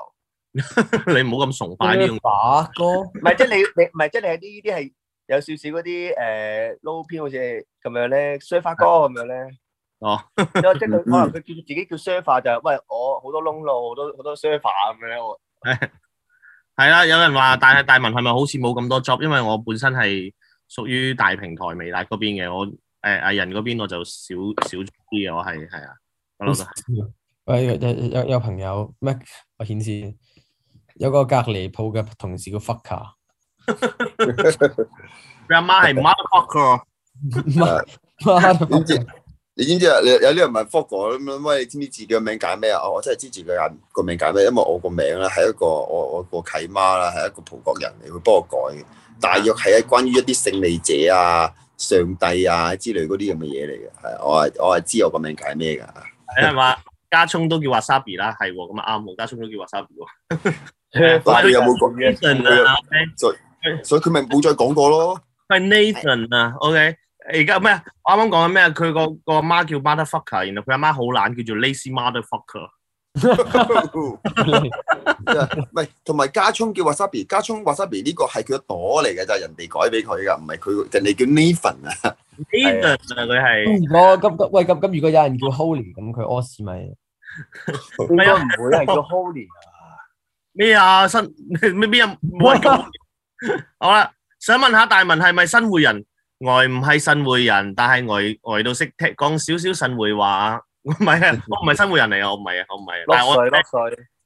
你唔好咁崇拜呢 這種。server 哥，唔係即係你、就是、你唔係即係你係呢啲係有少少嗰啲誒撈偏好似咁樣咧 ，server 哥咁樣咧。哦。 即佢可能佢叫自己叫 server 就係、是，喂我好多窿路，好多好多 server 咁樣我。係 啊，有人話大大文係咪好似冇咁多 job？因為我本身係。屬於大平台未？但嗰邊嘅我誒，阿仁嗰邊我就少少啲嘅，我係係啊。h e l 有有有朋友咩？Mac，我顯示有個隔離鋪嘅同事叫 fucker，佢阿媽係 motherfucker，唔 係 你知唔知啊？你有啲人問 f u c k 咁喂，你你 fuck，你知唔知自己個名改咩啊？我真係知字個名改咩，因為我個名咧係一個我我個契媽啦，係一個葡國人你會幫我改嘅。大約係一關於一啲勝利者啊、上帝啊之類嗰啲咁嘅嘢嚟嘅，係我係我係知我個名係咩㗎。係嘛，家聰都叫 Wasabi 啦，係喎、哦，咁啊啱，家聰都叫 Wasabi 喎。 但係有冇講嘅，所以佢咪冇再講過咯。係 Nathan 啊，OK，而家咩？我啱啱講緊咩？佢、那個、那個媽媽叫 motherfucker，原來佢阿媽好懶，叫做 lazy motherfucker。.唔係，同埋加聰叫 Wasabi，加聰 Wasabi 呢個係佢叫朵嚟嘅咋，人哋改俾佢噶，唔係佢，人哋叫 Nathan 啊，Nathan 啊佢係。如果咁咁，喂咁咁，如果有人叫 Holy，咁佢屙屎咪？應該唔會有人叫 Holy 啊？咩啊？新咩邊人冇人叫？好啦，想問下大文係咪新會人？外唔係新會人，但係外外到識聽講少少新會話。唔係啊，我唔係新會人嚟，我唔係啊，我唔係。但係我，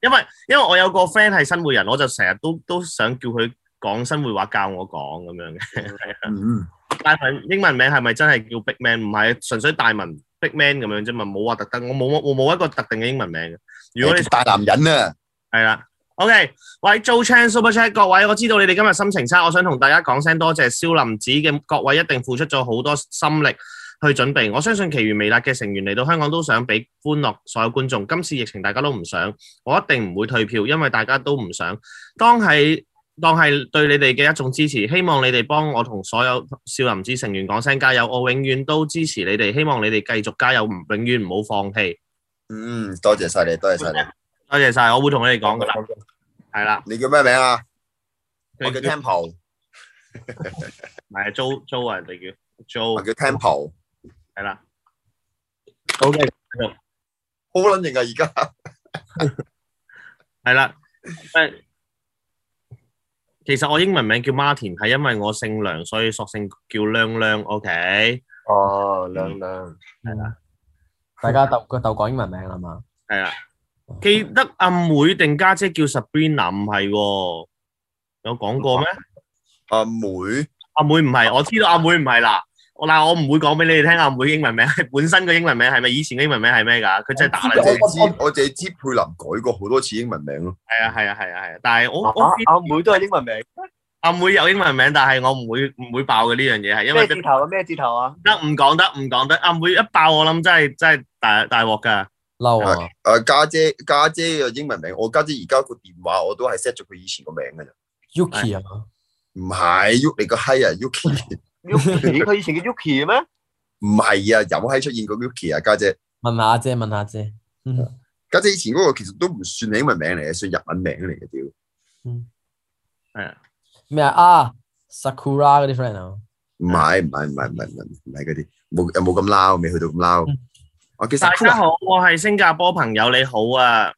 因為因為我有個 friend 係新會人，我就成日都都想叫佢講新會話教我講咁樣嘅。大文英文名係咪真係叫 Big Man？唔係，純粹大文 Big Man 咁樣啫嘛，冇話特登，我冇我冇一個特定嘅英文名嘅。如果你大男人啊，係啦，OK，喂，做 Check Super Check 各位，我知道你哋今日心情差，我想同大家講聲多謝蕭林子嘅，各位一定付出咗好多心力。去準備，我相信《其餘微辣》嘅成員嚟到香港都想俾歡樂所有觀眾。今次疫情大家都唔想，我一定唔會退票，因為大家都唔想。當係當係對你哋嘅一種支持，希望你哋幫我同所有少林寺成員講聲加油。我永遠都支持你哋，希望你哋繼續加油，永遠唔好放棄。嗯，多謝晒你，多謝晒你，多謝晒。我會同你哋講噶啦，係啦。你叫咩名啊？我叫 Temple，唔係 啊，Jo Jo 人哋叫 Jo，我叫 Temple。係啦，OK，好撚型啊！而家係啦，誒，其實我英文名叫 Martin，係因為我姓梁，所以索性叫亮亮。OK，哦，亮亮，係啦，大家鬥個鬥講英文名啦嘛，係啦，記得阿妹定家姐叫 Sabrina 唔係？有講過咩？阿妹，阿妹唔係，我知道阿妹唔係啦。嗱，我唔會講俾你哋聽阿妹英文名，本身個英文名係咪以前個英文名係咩噶？佢真係打嚟，我我我我淨係知佩林改過好多次英文名咯。係啊係啊係啊係啊，但係我阿妹，啊啊啊，都係英文名，阿妹有英文名，但係我唔會唔會爆嘅呢樣嘢係因為咩字頭咩字頭啊？得唔講得唔講得？阿妹一爆我諗真係真係大大鑊噶，嬲啊！誒，啊，家姐家姐嘅英文名，我家姐而家個電話我都係 set 咗佢以前個名嘅啫。Yuki 啊？嘛？唔係，Yuki 你個閪啊，Yuki。 Yuki 佢以前叫 Yuki 咩？唔係啊，有冇出現過 Yuki 啊，家姐、姐。問下阿姐，問下阿、嗯、姐。家姐以前嗰個其實都唔算係英文名嚟，嘅，算日文名嚟嘅屌。係、嗯、啊。咩啊？啊，Sakura 嗰啲 friend 啊？唔係唔係唔係唔係唔係嗰啲，冇冇咁嬲，未去到咁嬲。我、嗯哦、其實、Sakura、大家好，我係新加坡朋友，你好啊。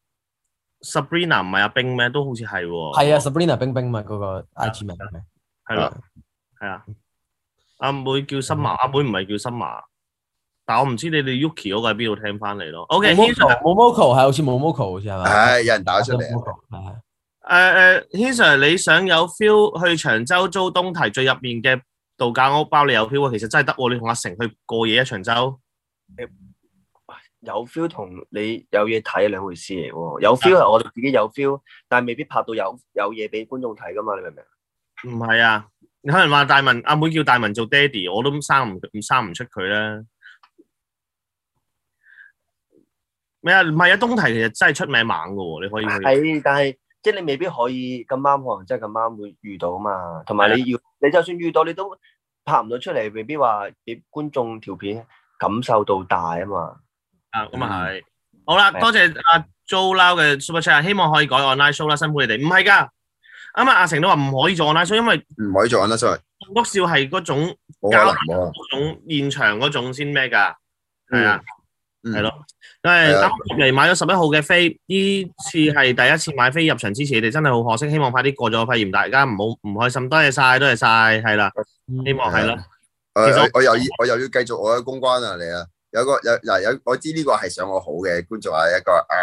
Sabrina 唔係阿冰咩？都好似係喎。係啊，Sabrina 冰冰咪嗰、那個 IG 名，係咯，係啊。阿妹，妹叫森馬，阿妹唔係叫森馬，但我唔知你哋 Yuki 嗰個喺邊度聽翻嚟咯。OK，Hin sir，冇 moco 係好似冇 moco，好似係嘛？有人打出嚟。誒誒 Hin sir 你想有 feel 去長洲租東堤最入面嘅度假屋包，你有 feel？其實真係得喎，你同阿成去過夜喺、啊、長洲。有 feel 同你有嘢睇兩回事嚟喎。有 feel 係我哋自己有 feel，但係未必拍到有有嘢俾觀眾睇噶嘛？你明唔明？唔係啊。你可能話，大文阿妹叫大文做爹哋，我都生唔生唔出佢啦。咩啊？唔係阿東提其實真係出名猛嘅喎，你可以。係，但係即係你未必可以咁啱，可能真係咁啱會遇到啊嘛。同埋你要你就算遇到，你都拍唔到出嚟，未必話俾觀眾條片感受到大啊嘛。啊，咁啊係。好啦，多謝阿 Jo 拉嘅 super chat，希望可以改 online show 啦，辛苦你哋。唔係噶。啱啱！阿成都話唔可以做 online show，所以因為唔可以做 online show。篤笑係嗰種交嗰種現場嗰種先咩噶？係啊，係咯。因為嚟買咗十一號嘅飛，呢次係第一次買飛入場支持你哋，真係好可惜。希望快啲過咗肺炎，大家唔好唔開心。多謝晒，多謝晒，係啦，希望係咯。其實我又要我又要繼續我嘅公關啊，你啊。有個有嗱有我知呢個係想我好嘅觀眾，啊一個啊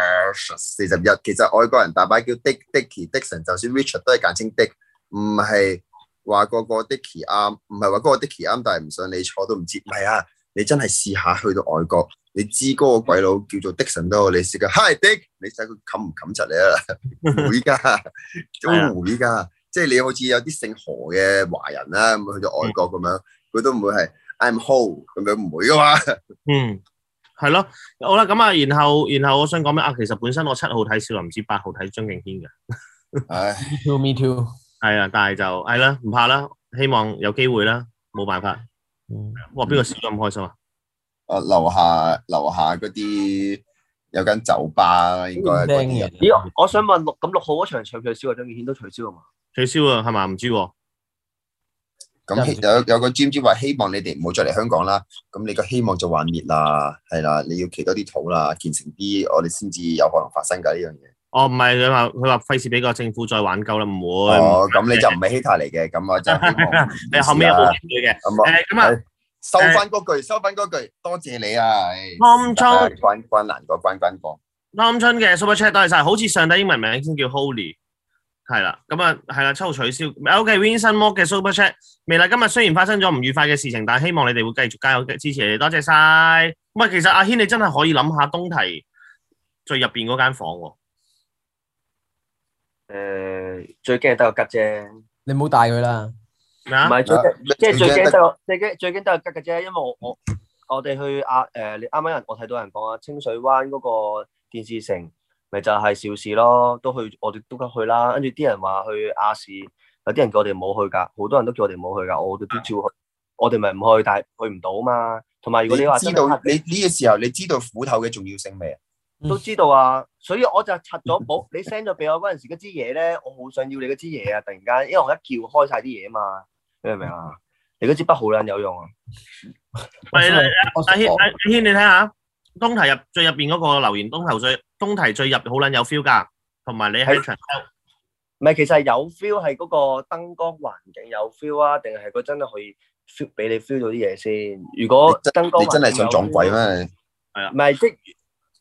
四十一，其實外國人大把叫 Dick Dickie Dickson，就算 Richard 都係簡稱 Dick，唔係話嗰個 Dickie 啱，唔係話嗰個 Dickie 啱，但係唔信你坐都唔知。唔係啊，你真係試下去到外國，你知嗰個鬼佬叫做 Dickson 都好，你試下 Hi Dick，你睇佢冚唔冚出嚟啊？ 會噶，都會噶，即 係你好似有啲姓何嘅華人啦，咁去到外國咁樣，佢都唔會係。I'm whole，咁樣唔會噶嘛？嗯，係咯，好啦，咁啊，然後然後我想講咩啊？其實本身我七號睇少，劉，唔知八號睇張敬軒嘅。唉，me too。係啊，但係就係啦，唔怕啦，希望有機會啦，冇辦法。嗯，哇，邊個笑咁開心啊，嗯？啊，樓下樓下嗰啲有間酒吧應該。咦，我想問六咁六號嗰場取消，啊？劉張敬軒都取消啊嘛？取消啊，係嘛？唔知喎。咁有有有個 g e 話希望你哋唔好再嚟香港啦，咁你個希望就幻滅啦，係啦，你要企多啲土啦，建成啲，我哋先至有可能發生噶呢樣嘢。哦，唔係佢話佢話費事俾個政府再挽救啦，唔會。咁、哦、你就唔係希特嚟嘅，咁啊真係。 你後面有冇嘅？咁啊、嗯，收翻嗰句，嗯、收翻嗰句，嗯句嗯，多謝你啊！春關關難過關關過，春嘅 Super Chat 多謝曬，好似上帝英文名先叫 Holy。係啦，咁啊，係啦，抽取消。OK，Vincent、okay, Mo 嘅 Super Chat。未來今日雖然發生咗唔愉快嘅事情，但係希望你哋會繼續加油支持你哋。多謝晒！咁啊，其實阿軒你真係可以諗下東堤最入邊嗰間房喎、哦。誒、呃，最驚得個吉啫，你唔好帶佢啦。唔係最驚，即、啊、係最驚得個最驚最驚得個吉嘅啫，因為我我我哋去阿、呃、你啱啱有人我睇到人講啊，清水灣嗰、那個電視城。咪就係少市咯，都去，我哋都得去啦。跟住啲人話去亞、啊、視，有啲人叫我哋冇去噶，好多人都叫我哋冇去噶，我哋都照去。我哋咪唔去，但係去唔到啊嘛。同埋如果你話知道你呢個時候，你知道斧、啊這個、頭嘅重要性未？都知道啊，所以我就拆咗寶。 你 send 咗俾我嗰陣時，嗰支嘢咧，我好想要你嗰支嘢啊！突然間，因為我一撬開晒啲嘢啊嘛。你明唔明啊？你嗰支筆好卵有用啊！喂，阿阿阿軒你睇下。啊東堤入最入邊嗰個留言，東頭最東堤最入好撚有 feel 噶，同埋你喺長洲，唔係其實係有 feel 係嗰個燈光環境有 feel 啊，定係佢真係可以 feel 俾你 feel 到啲嘢先。如果燈光，你真係想撞鬼咩？係啊，唔係即係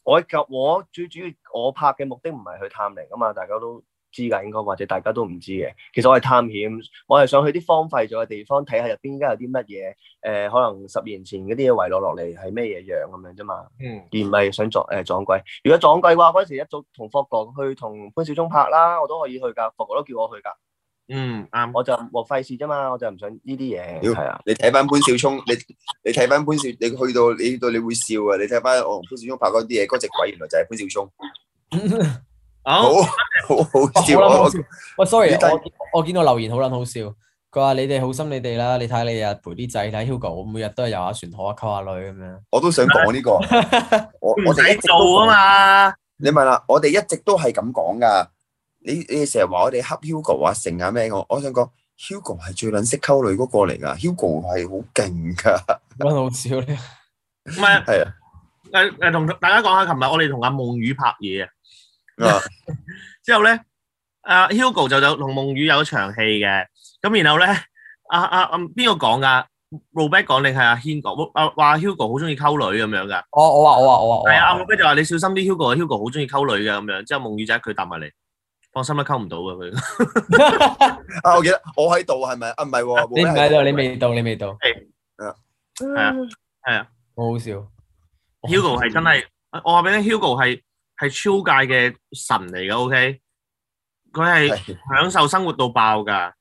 我及我最主要我拍嘅目的唔係去探靈啊嘛，大家都。知㗎，應該或者大家都唔知嘅。其實我係探險，我係想去啲荒廢咗嘅地方睇下入邊而家有啲乜嘢。誒、呃，可能十年前嗰啲嘢遺落落嚟係咩嘢樣咁樣啫嘛。嗯，而唔係想撞誒、呃、撞鬼。如果撞鬼嘅話，嗰陣時一早同霍國去同潘小聰拍啦，我都可以去㗎。霍國都叫我去㗎。嗯，啱、嗯。我就我費事啫嘛，我就唔想呢啲嘢。係啊，你睇翻潘小聰，你你睇翻潘小聰你，你去到你到你會笑啊。你睇翻我同潘小聰拍嗰啲嘢，嗰隻鬼原來就係潘小聰。 好，好好笑啊！好撚好笑。喂，sorry，我我見到留言好撚好笑。佢話：你哋好心你哋啦，你睇你日陪啲仔睇 Hugo，每日都係遊下船河啊，溝下女咁樣。我都想講呢個，我我哋一直做啊嘛。你問啦，我哋一直都係咁講噶。你你哋成日話我哋黑 Hugo 啊，成啊咩？我我想講，Hugo 係最撚識溝女嗰個嚟噶，Hugo 係好勁噶。好撚好笑咧。唔係，係啊，誒誒，同大家講下，琴日我哋同阿夢雨拍嘢啊。之後咧，阿 Hugo 就有同夢宇有一場戲嘅，咁然後咧，阿阿阿邊個講噶？Robert 講定係阿軒講，阿話 Hugo 好中意溝女咁樣噶。我我話我話我話。係啊，Robert 就話你小心啲，Hugo，Hugo 好中意溝女嘅咁樣。之後夢宇就佢答埋嚟，放心啦，溝唔到噶佢。啊，我記得我喺度係咪？啊，唔係。你唔喺度，你未到，你未到。係啊，係啊，係啊，好好笑。Hugo 係真係，我話俾你聽，Hugo 係。係超界嘅神嚟噶，OK？佢係享受生活到爆噶，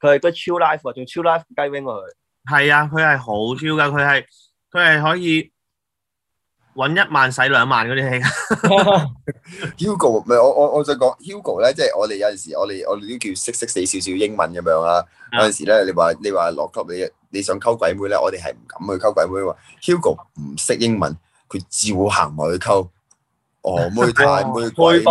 佢係都超 life 啊，仲超 life 雞 wing 佢。係啊，佢係好超噶，佢係佢係可以搵一萬使兩萬嗰啲兄。Hugo，唔係我我我想講 Hugo 咧，即係我哋有陣時我哋我哋都叫識識死少少英文咁樣啊。有陣時咧，你話你話落 club 你你想溝鬼妹咧，我哋係唔敢去溝鬼妹喎。Hugo 唔識英文，佢照行埋去溝。哦，妹太妹鬼妹，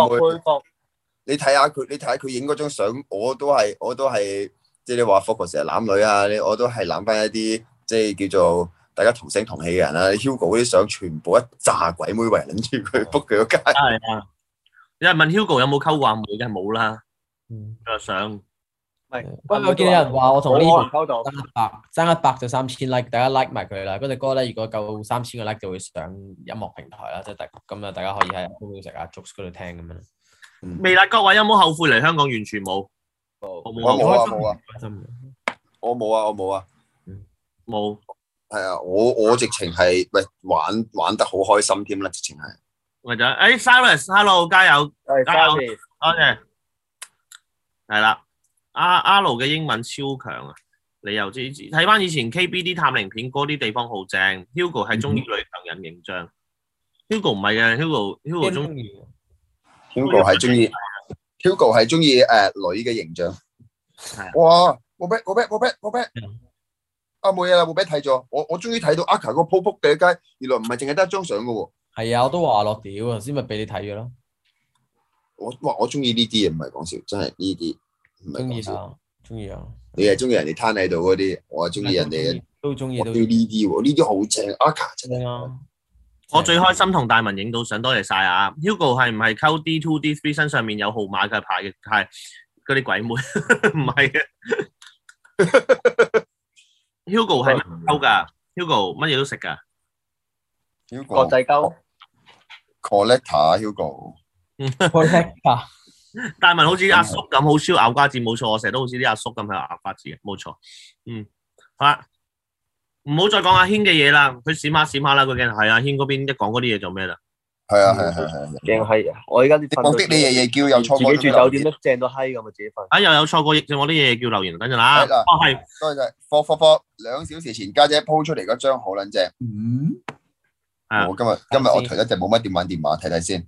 你睇下佢，你睇下佢影嗰張相，我都係，我都係，即係你話 focus 成日攬女啊，我都係攬翻一啲，即係叫做大家同聲同氣嘅人啦、啊。 Hugo 啲相全部一炸鬼妹，為諗住佢仆佢個街。係啊， 你係問 Hugo 有冇溝過阿妹，梗係冇啦，佢話上。嗯就是喂，今、啊、我見有人話我同呢度爭一百，爭一百就三千 like，大家 like 埋佢啦。嗰、那、隻、個、歌咧，如果夠三千個 like 就會上音樂平台啦，即係大咁啊，大家可以喺酷狗食啊、Joox 嗰度聽咁樣。嗯、未啦，各位有冇後悔嚟香、啊啊、香港？完全冇，我冇啊，冇啊，嗯嗯、啊開心，我冇啊，我冇啊，冇係啊，我我直情係喂玩玩得好開心添啦，直情係咪就誒，Silas，Hello，加油，哎、加油，O.K. 係啦。阿阿盧嘅英文超強啊！你又知睇翻以前 KBD 探靈片嗰啲地方好正。Hugo 係中意女強人形象。Hugo 唔係啊，Hugo Hugo 中意。Hugo 係中意。Hugo 係中意誒女嘅形象。係。哇！冇俾我俾我俾我俾阿妹啊，啦，冇俾睇咗。我我終於睇到阿卡個撲撲嘅一街，原來唔係淨係得一張相噶喎。係啊，我都話落屌啊，先咪俾你睇咗咯。我哇！我中意呢啲嘢，唔係講笑，真係呢啲。中意啊！中意啊！你係中意人哋攤喺度嗰啲，我係中意人哋都中意。我對呢啲呢啲好正，阿卡正啊！我最開心同大文影到相，多謝晒啊！Hugo 係唔係溝 D two D three 身上面有號碼嘅牌嘅，係嗰啲鬼妹唔係 Hugo 係溝噶，Hugo 乜嘢都食噶，Hugo, 國仔溝。Collector Hugo，collector。 文大文好似阿叔咁，好燒咬瓜子，冇錯。我成日都好似啲阿叔咁喺度咬瓜子，冇錯。嗯，好啦，唔好再講阿軒嘅嘢啦，佢閃下閃下啦，佢驚係阿軒嗰邊一講嗰啲嘢做咩啦。係啊，係係係，淨係我依家你我逼你夜夜叫又錯過，自己住酒店都正到閪咁啊自己瞓。啊，又有錯過亦正我啲嘢叫留言，等陣啦。嗱，啊係，多謝晒。科科兩小時前家姐 po 出嚟嗰張好撚正。嗯，我今日今日我台咧就冇乜點玩電話，睇睇先。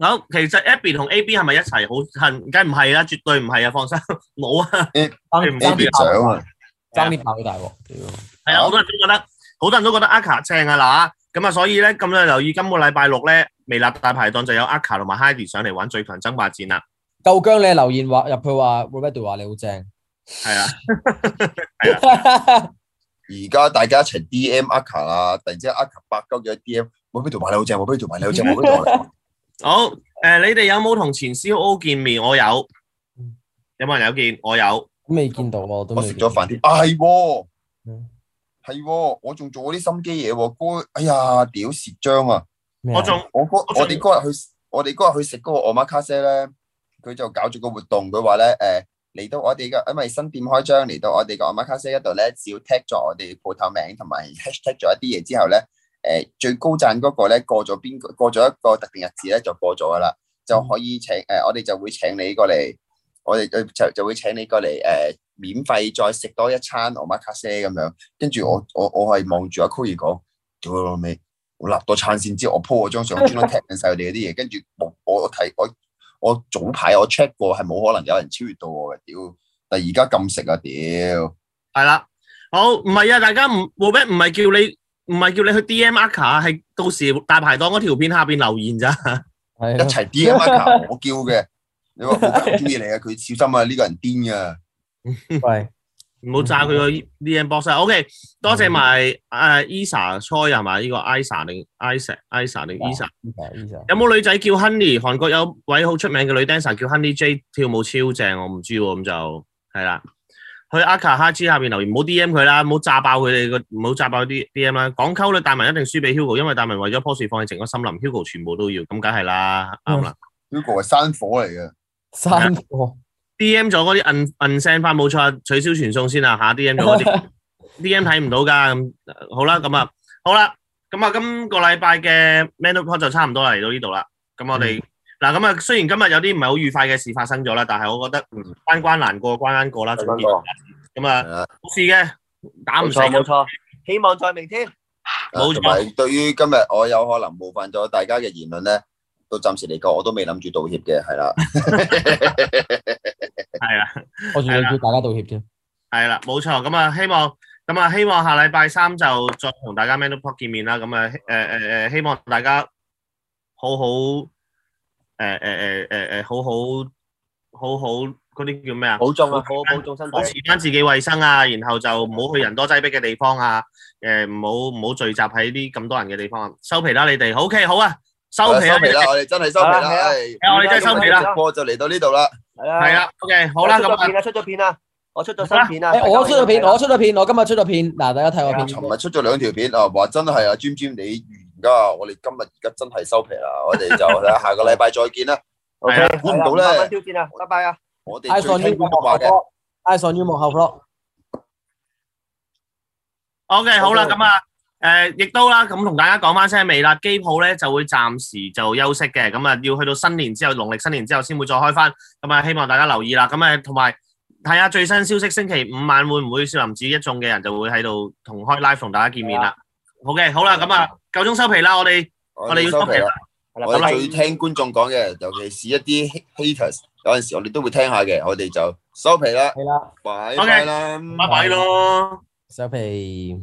好，其實 Abby 同 A B 係咪一齊好恨？梗唔係啦，絕對唔係啊！放心，冇、嗯、啊，爭啲炮啊，爭啲炮好大鑊。係啊，好多人都覺得，好多人都覺得 Aka 正啊嗱，咁啊，嗯、所以咧咁啊，留意今個禮拜六咧，微辣大排檔就有 Aka 同埋 Heidi 上嚟玩最強爭霸戰啦。夠姜你留言話入去話，Rabbit 話你好正，係啊，係 啊，而家、啊、 大家一齊 D M Aka 啦，突然之間 Aka 百鳩叫 D M，我俾條埋你好正，我俾條埋你好正，我俾條。 好誒、呃，你哋有冇同前 C O 見面？我有，有冇人有見？我有，未見到我，都我食咗飯添，係，係，我仲做咗啲心機嘢，哥，哎呀，屌蝕張啊！我仲我我哋嗰日去，我哋嗰日去食嗰個阿瑪卡西咧，佢就搞咗個活動，佢話咧，誒、呃，嚟到我哋嘅，因為新店開張嚟到我哋個阿瑪卡西一度咧，只要 tag 咗我哋鋪頭名同埋 hash tag 咗一啲嘢之後咧。誒，最高讚嗰個咧，過咗邊個？過咗一個特定日子咧就過咗噶啦，就可以請誒、嗯呃，我哋就會請你過嚟，我哋就就就會請你過嚟誒、呃，免費再食多一餐 omakase 咁樣。跟住我我我係望住阿 Kuri 講，屌你老味，我立到餐線之後，我 po 我張相，專登 check 緊晒佢哋嗰啲嘢。跟 住我我睇我我早排我 check 過係冇可能有人超越到我嘅，屌！但而家咁食啊，屌！係啦，好唔係啊，大家唔，唔係叫你。唔係叫你去 D.M. 阿卡，係到時大排檔嗰條片下邊留言咋。一齊 D.M. 阿卡，我叫嘅。你話好鍾意你啊，佢小心啊，呢個人癲㗎。喂，唔好炸佢個 D.M. box。O.K. 多謝埋誒，Esa Choi 係嘛？呢個 Esa 定 Esa，Esa 定 Esa。有冇女仔叫 Honey？ 韓國有位好出名嘅女 Dancer 叫 Honey J，跳舞超正。我唔知喎，咁就係啦。去阿卡哈茲下邊留言，唔好 D.M 佢啦，唔好炸爆佢哋，唔好炸爆啲 D.M 啦。港溝咧，大文一定輸俾 Hugo，因為大文為咗棵樹放棄整個森林，Hugo 全部都要，咁梗係啦，啱、嗯、啦。Hugo 係山火嚟嘅，山火。D.M 咗嗰啲摁摁 send 翻，冇錯，取消傳送先啦下 D.M 咗嗰啲。D.M 睇唔 到噶，咁好啦，咁啊，好啦，咁啊，今個禮拜嘅 menu part 就差唔多嚟到呢度啦，咁我哋。嗯嗱咁啊，雖然今日有啲唔係好愉快嘅事發生咗啦，但係我覺得關關難過關關過啦，咁啊，冇事嘅，打唔死嘅，冇錯，希望在明天。冇錯。同埋對於今日我有可能冒犯咗大家嘅言論咧，都暫時嚟講，我都未諗住道歉嘅，係啦，係啦，我仲要叫大家道歉添。係啦，冇錯。咁啊，希望，咁啊，希望下禮拜三就再同大家 man up 見面啦。咁啊，誒誒誒，希望大家好好。誒誒誒誒誒，好好好好嗰啲叫咩啊？保重啊，保保重身體，保持翻自己衛生啊，然後就唔好去人多擠逼嘅地方啊。誒，唔好唔好聚集喺啲咁多人嘅地方啊。收皮啦，你哋，OK，好啊，收皮啦，收皮啦，我哋真係收皮啦。我哋真係收皮啦。直播就嚟到呢度啦。係啊，OK，好啦。咁出咗片啦，出咗片啦，我出咗新片啦。誒，我出咗片，我出咗片，我今日出咗片。嗱，大家睇我片。尋日出咗兩條片啊，話真係啊，尖尖你。而家我哋今日而家真係收皮啦，我哋就睇下下個禮拜再見啦。O K，估唔到啦，再見啦，拜拜啊！我哋最聽音樂嘅，Ison 與幕後 flo。O K，好啦，咁啊，誒，亦都啦，咁同大家講翻聲未啦？機鋪咧就會暫時就休息嘅，咁啊要去到新年之後，農曆新年之後先會再開翻。咁啊，希望大家留意啦。咁啊，同埋睇下最新消息，星期五晚會唔會少林寺一眾嘅人就會喺度同開 live 同大家見面啦？O K，好啦，咁啊。夠鐘收皮啦，我哋我哋要收皮啦。我哋最聽觀眾講嘅，尤其是一啲 haters，有陣時我哋都會聽下嘅，我哋就收皮啦。係啦，拜拜啦，okay，拜拜咯，收皮。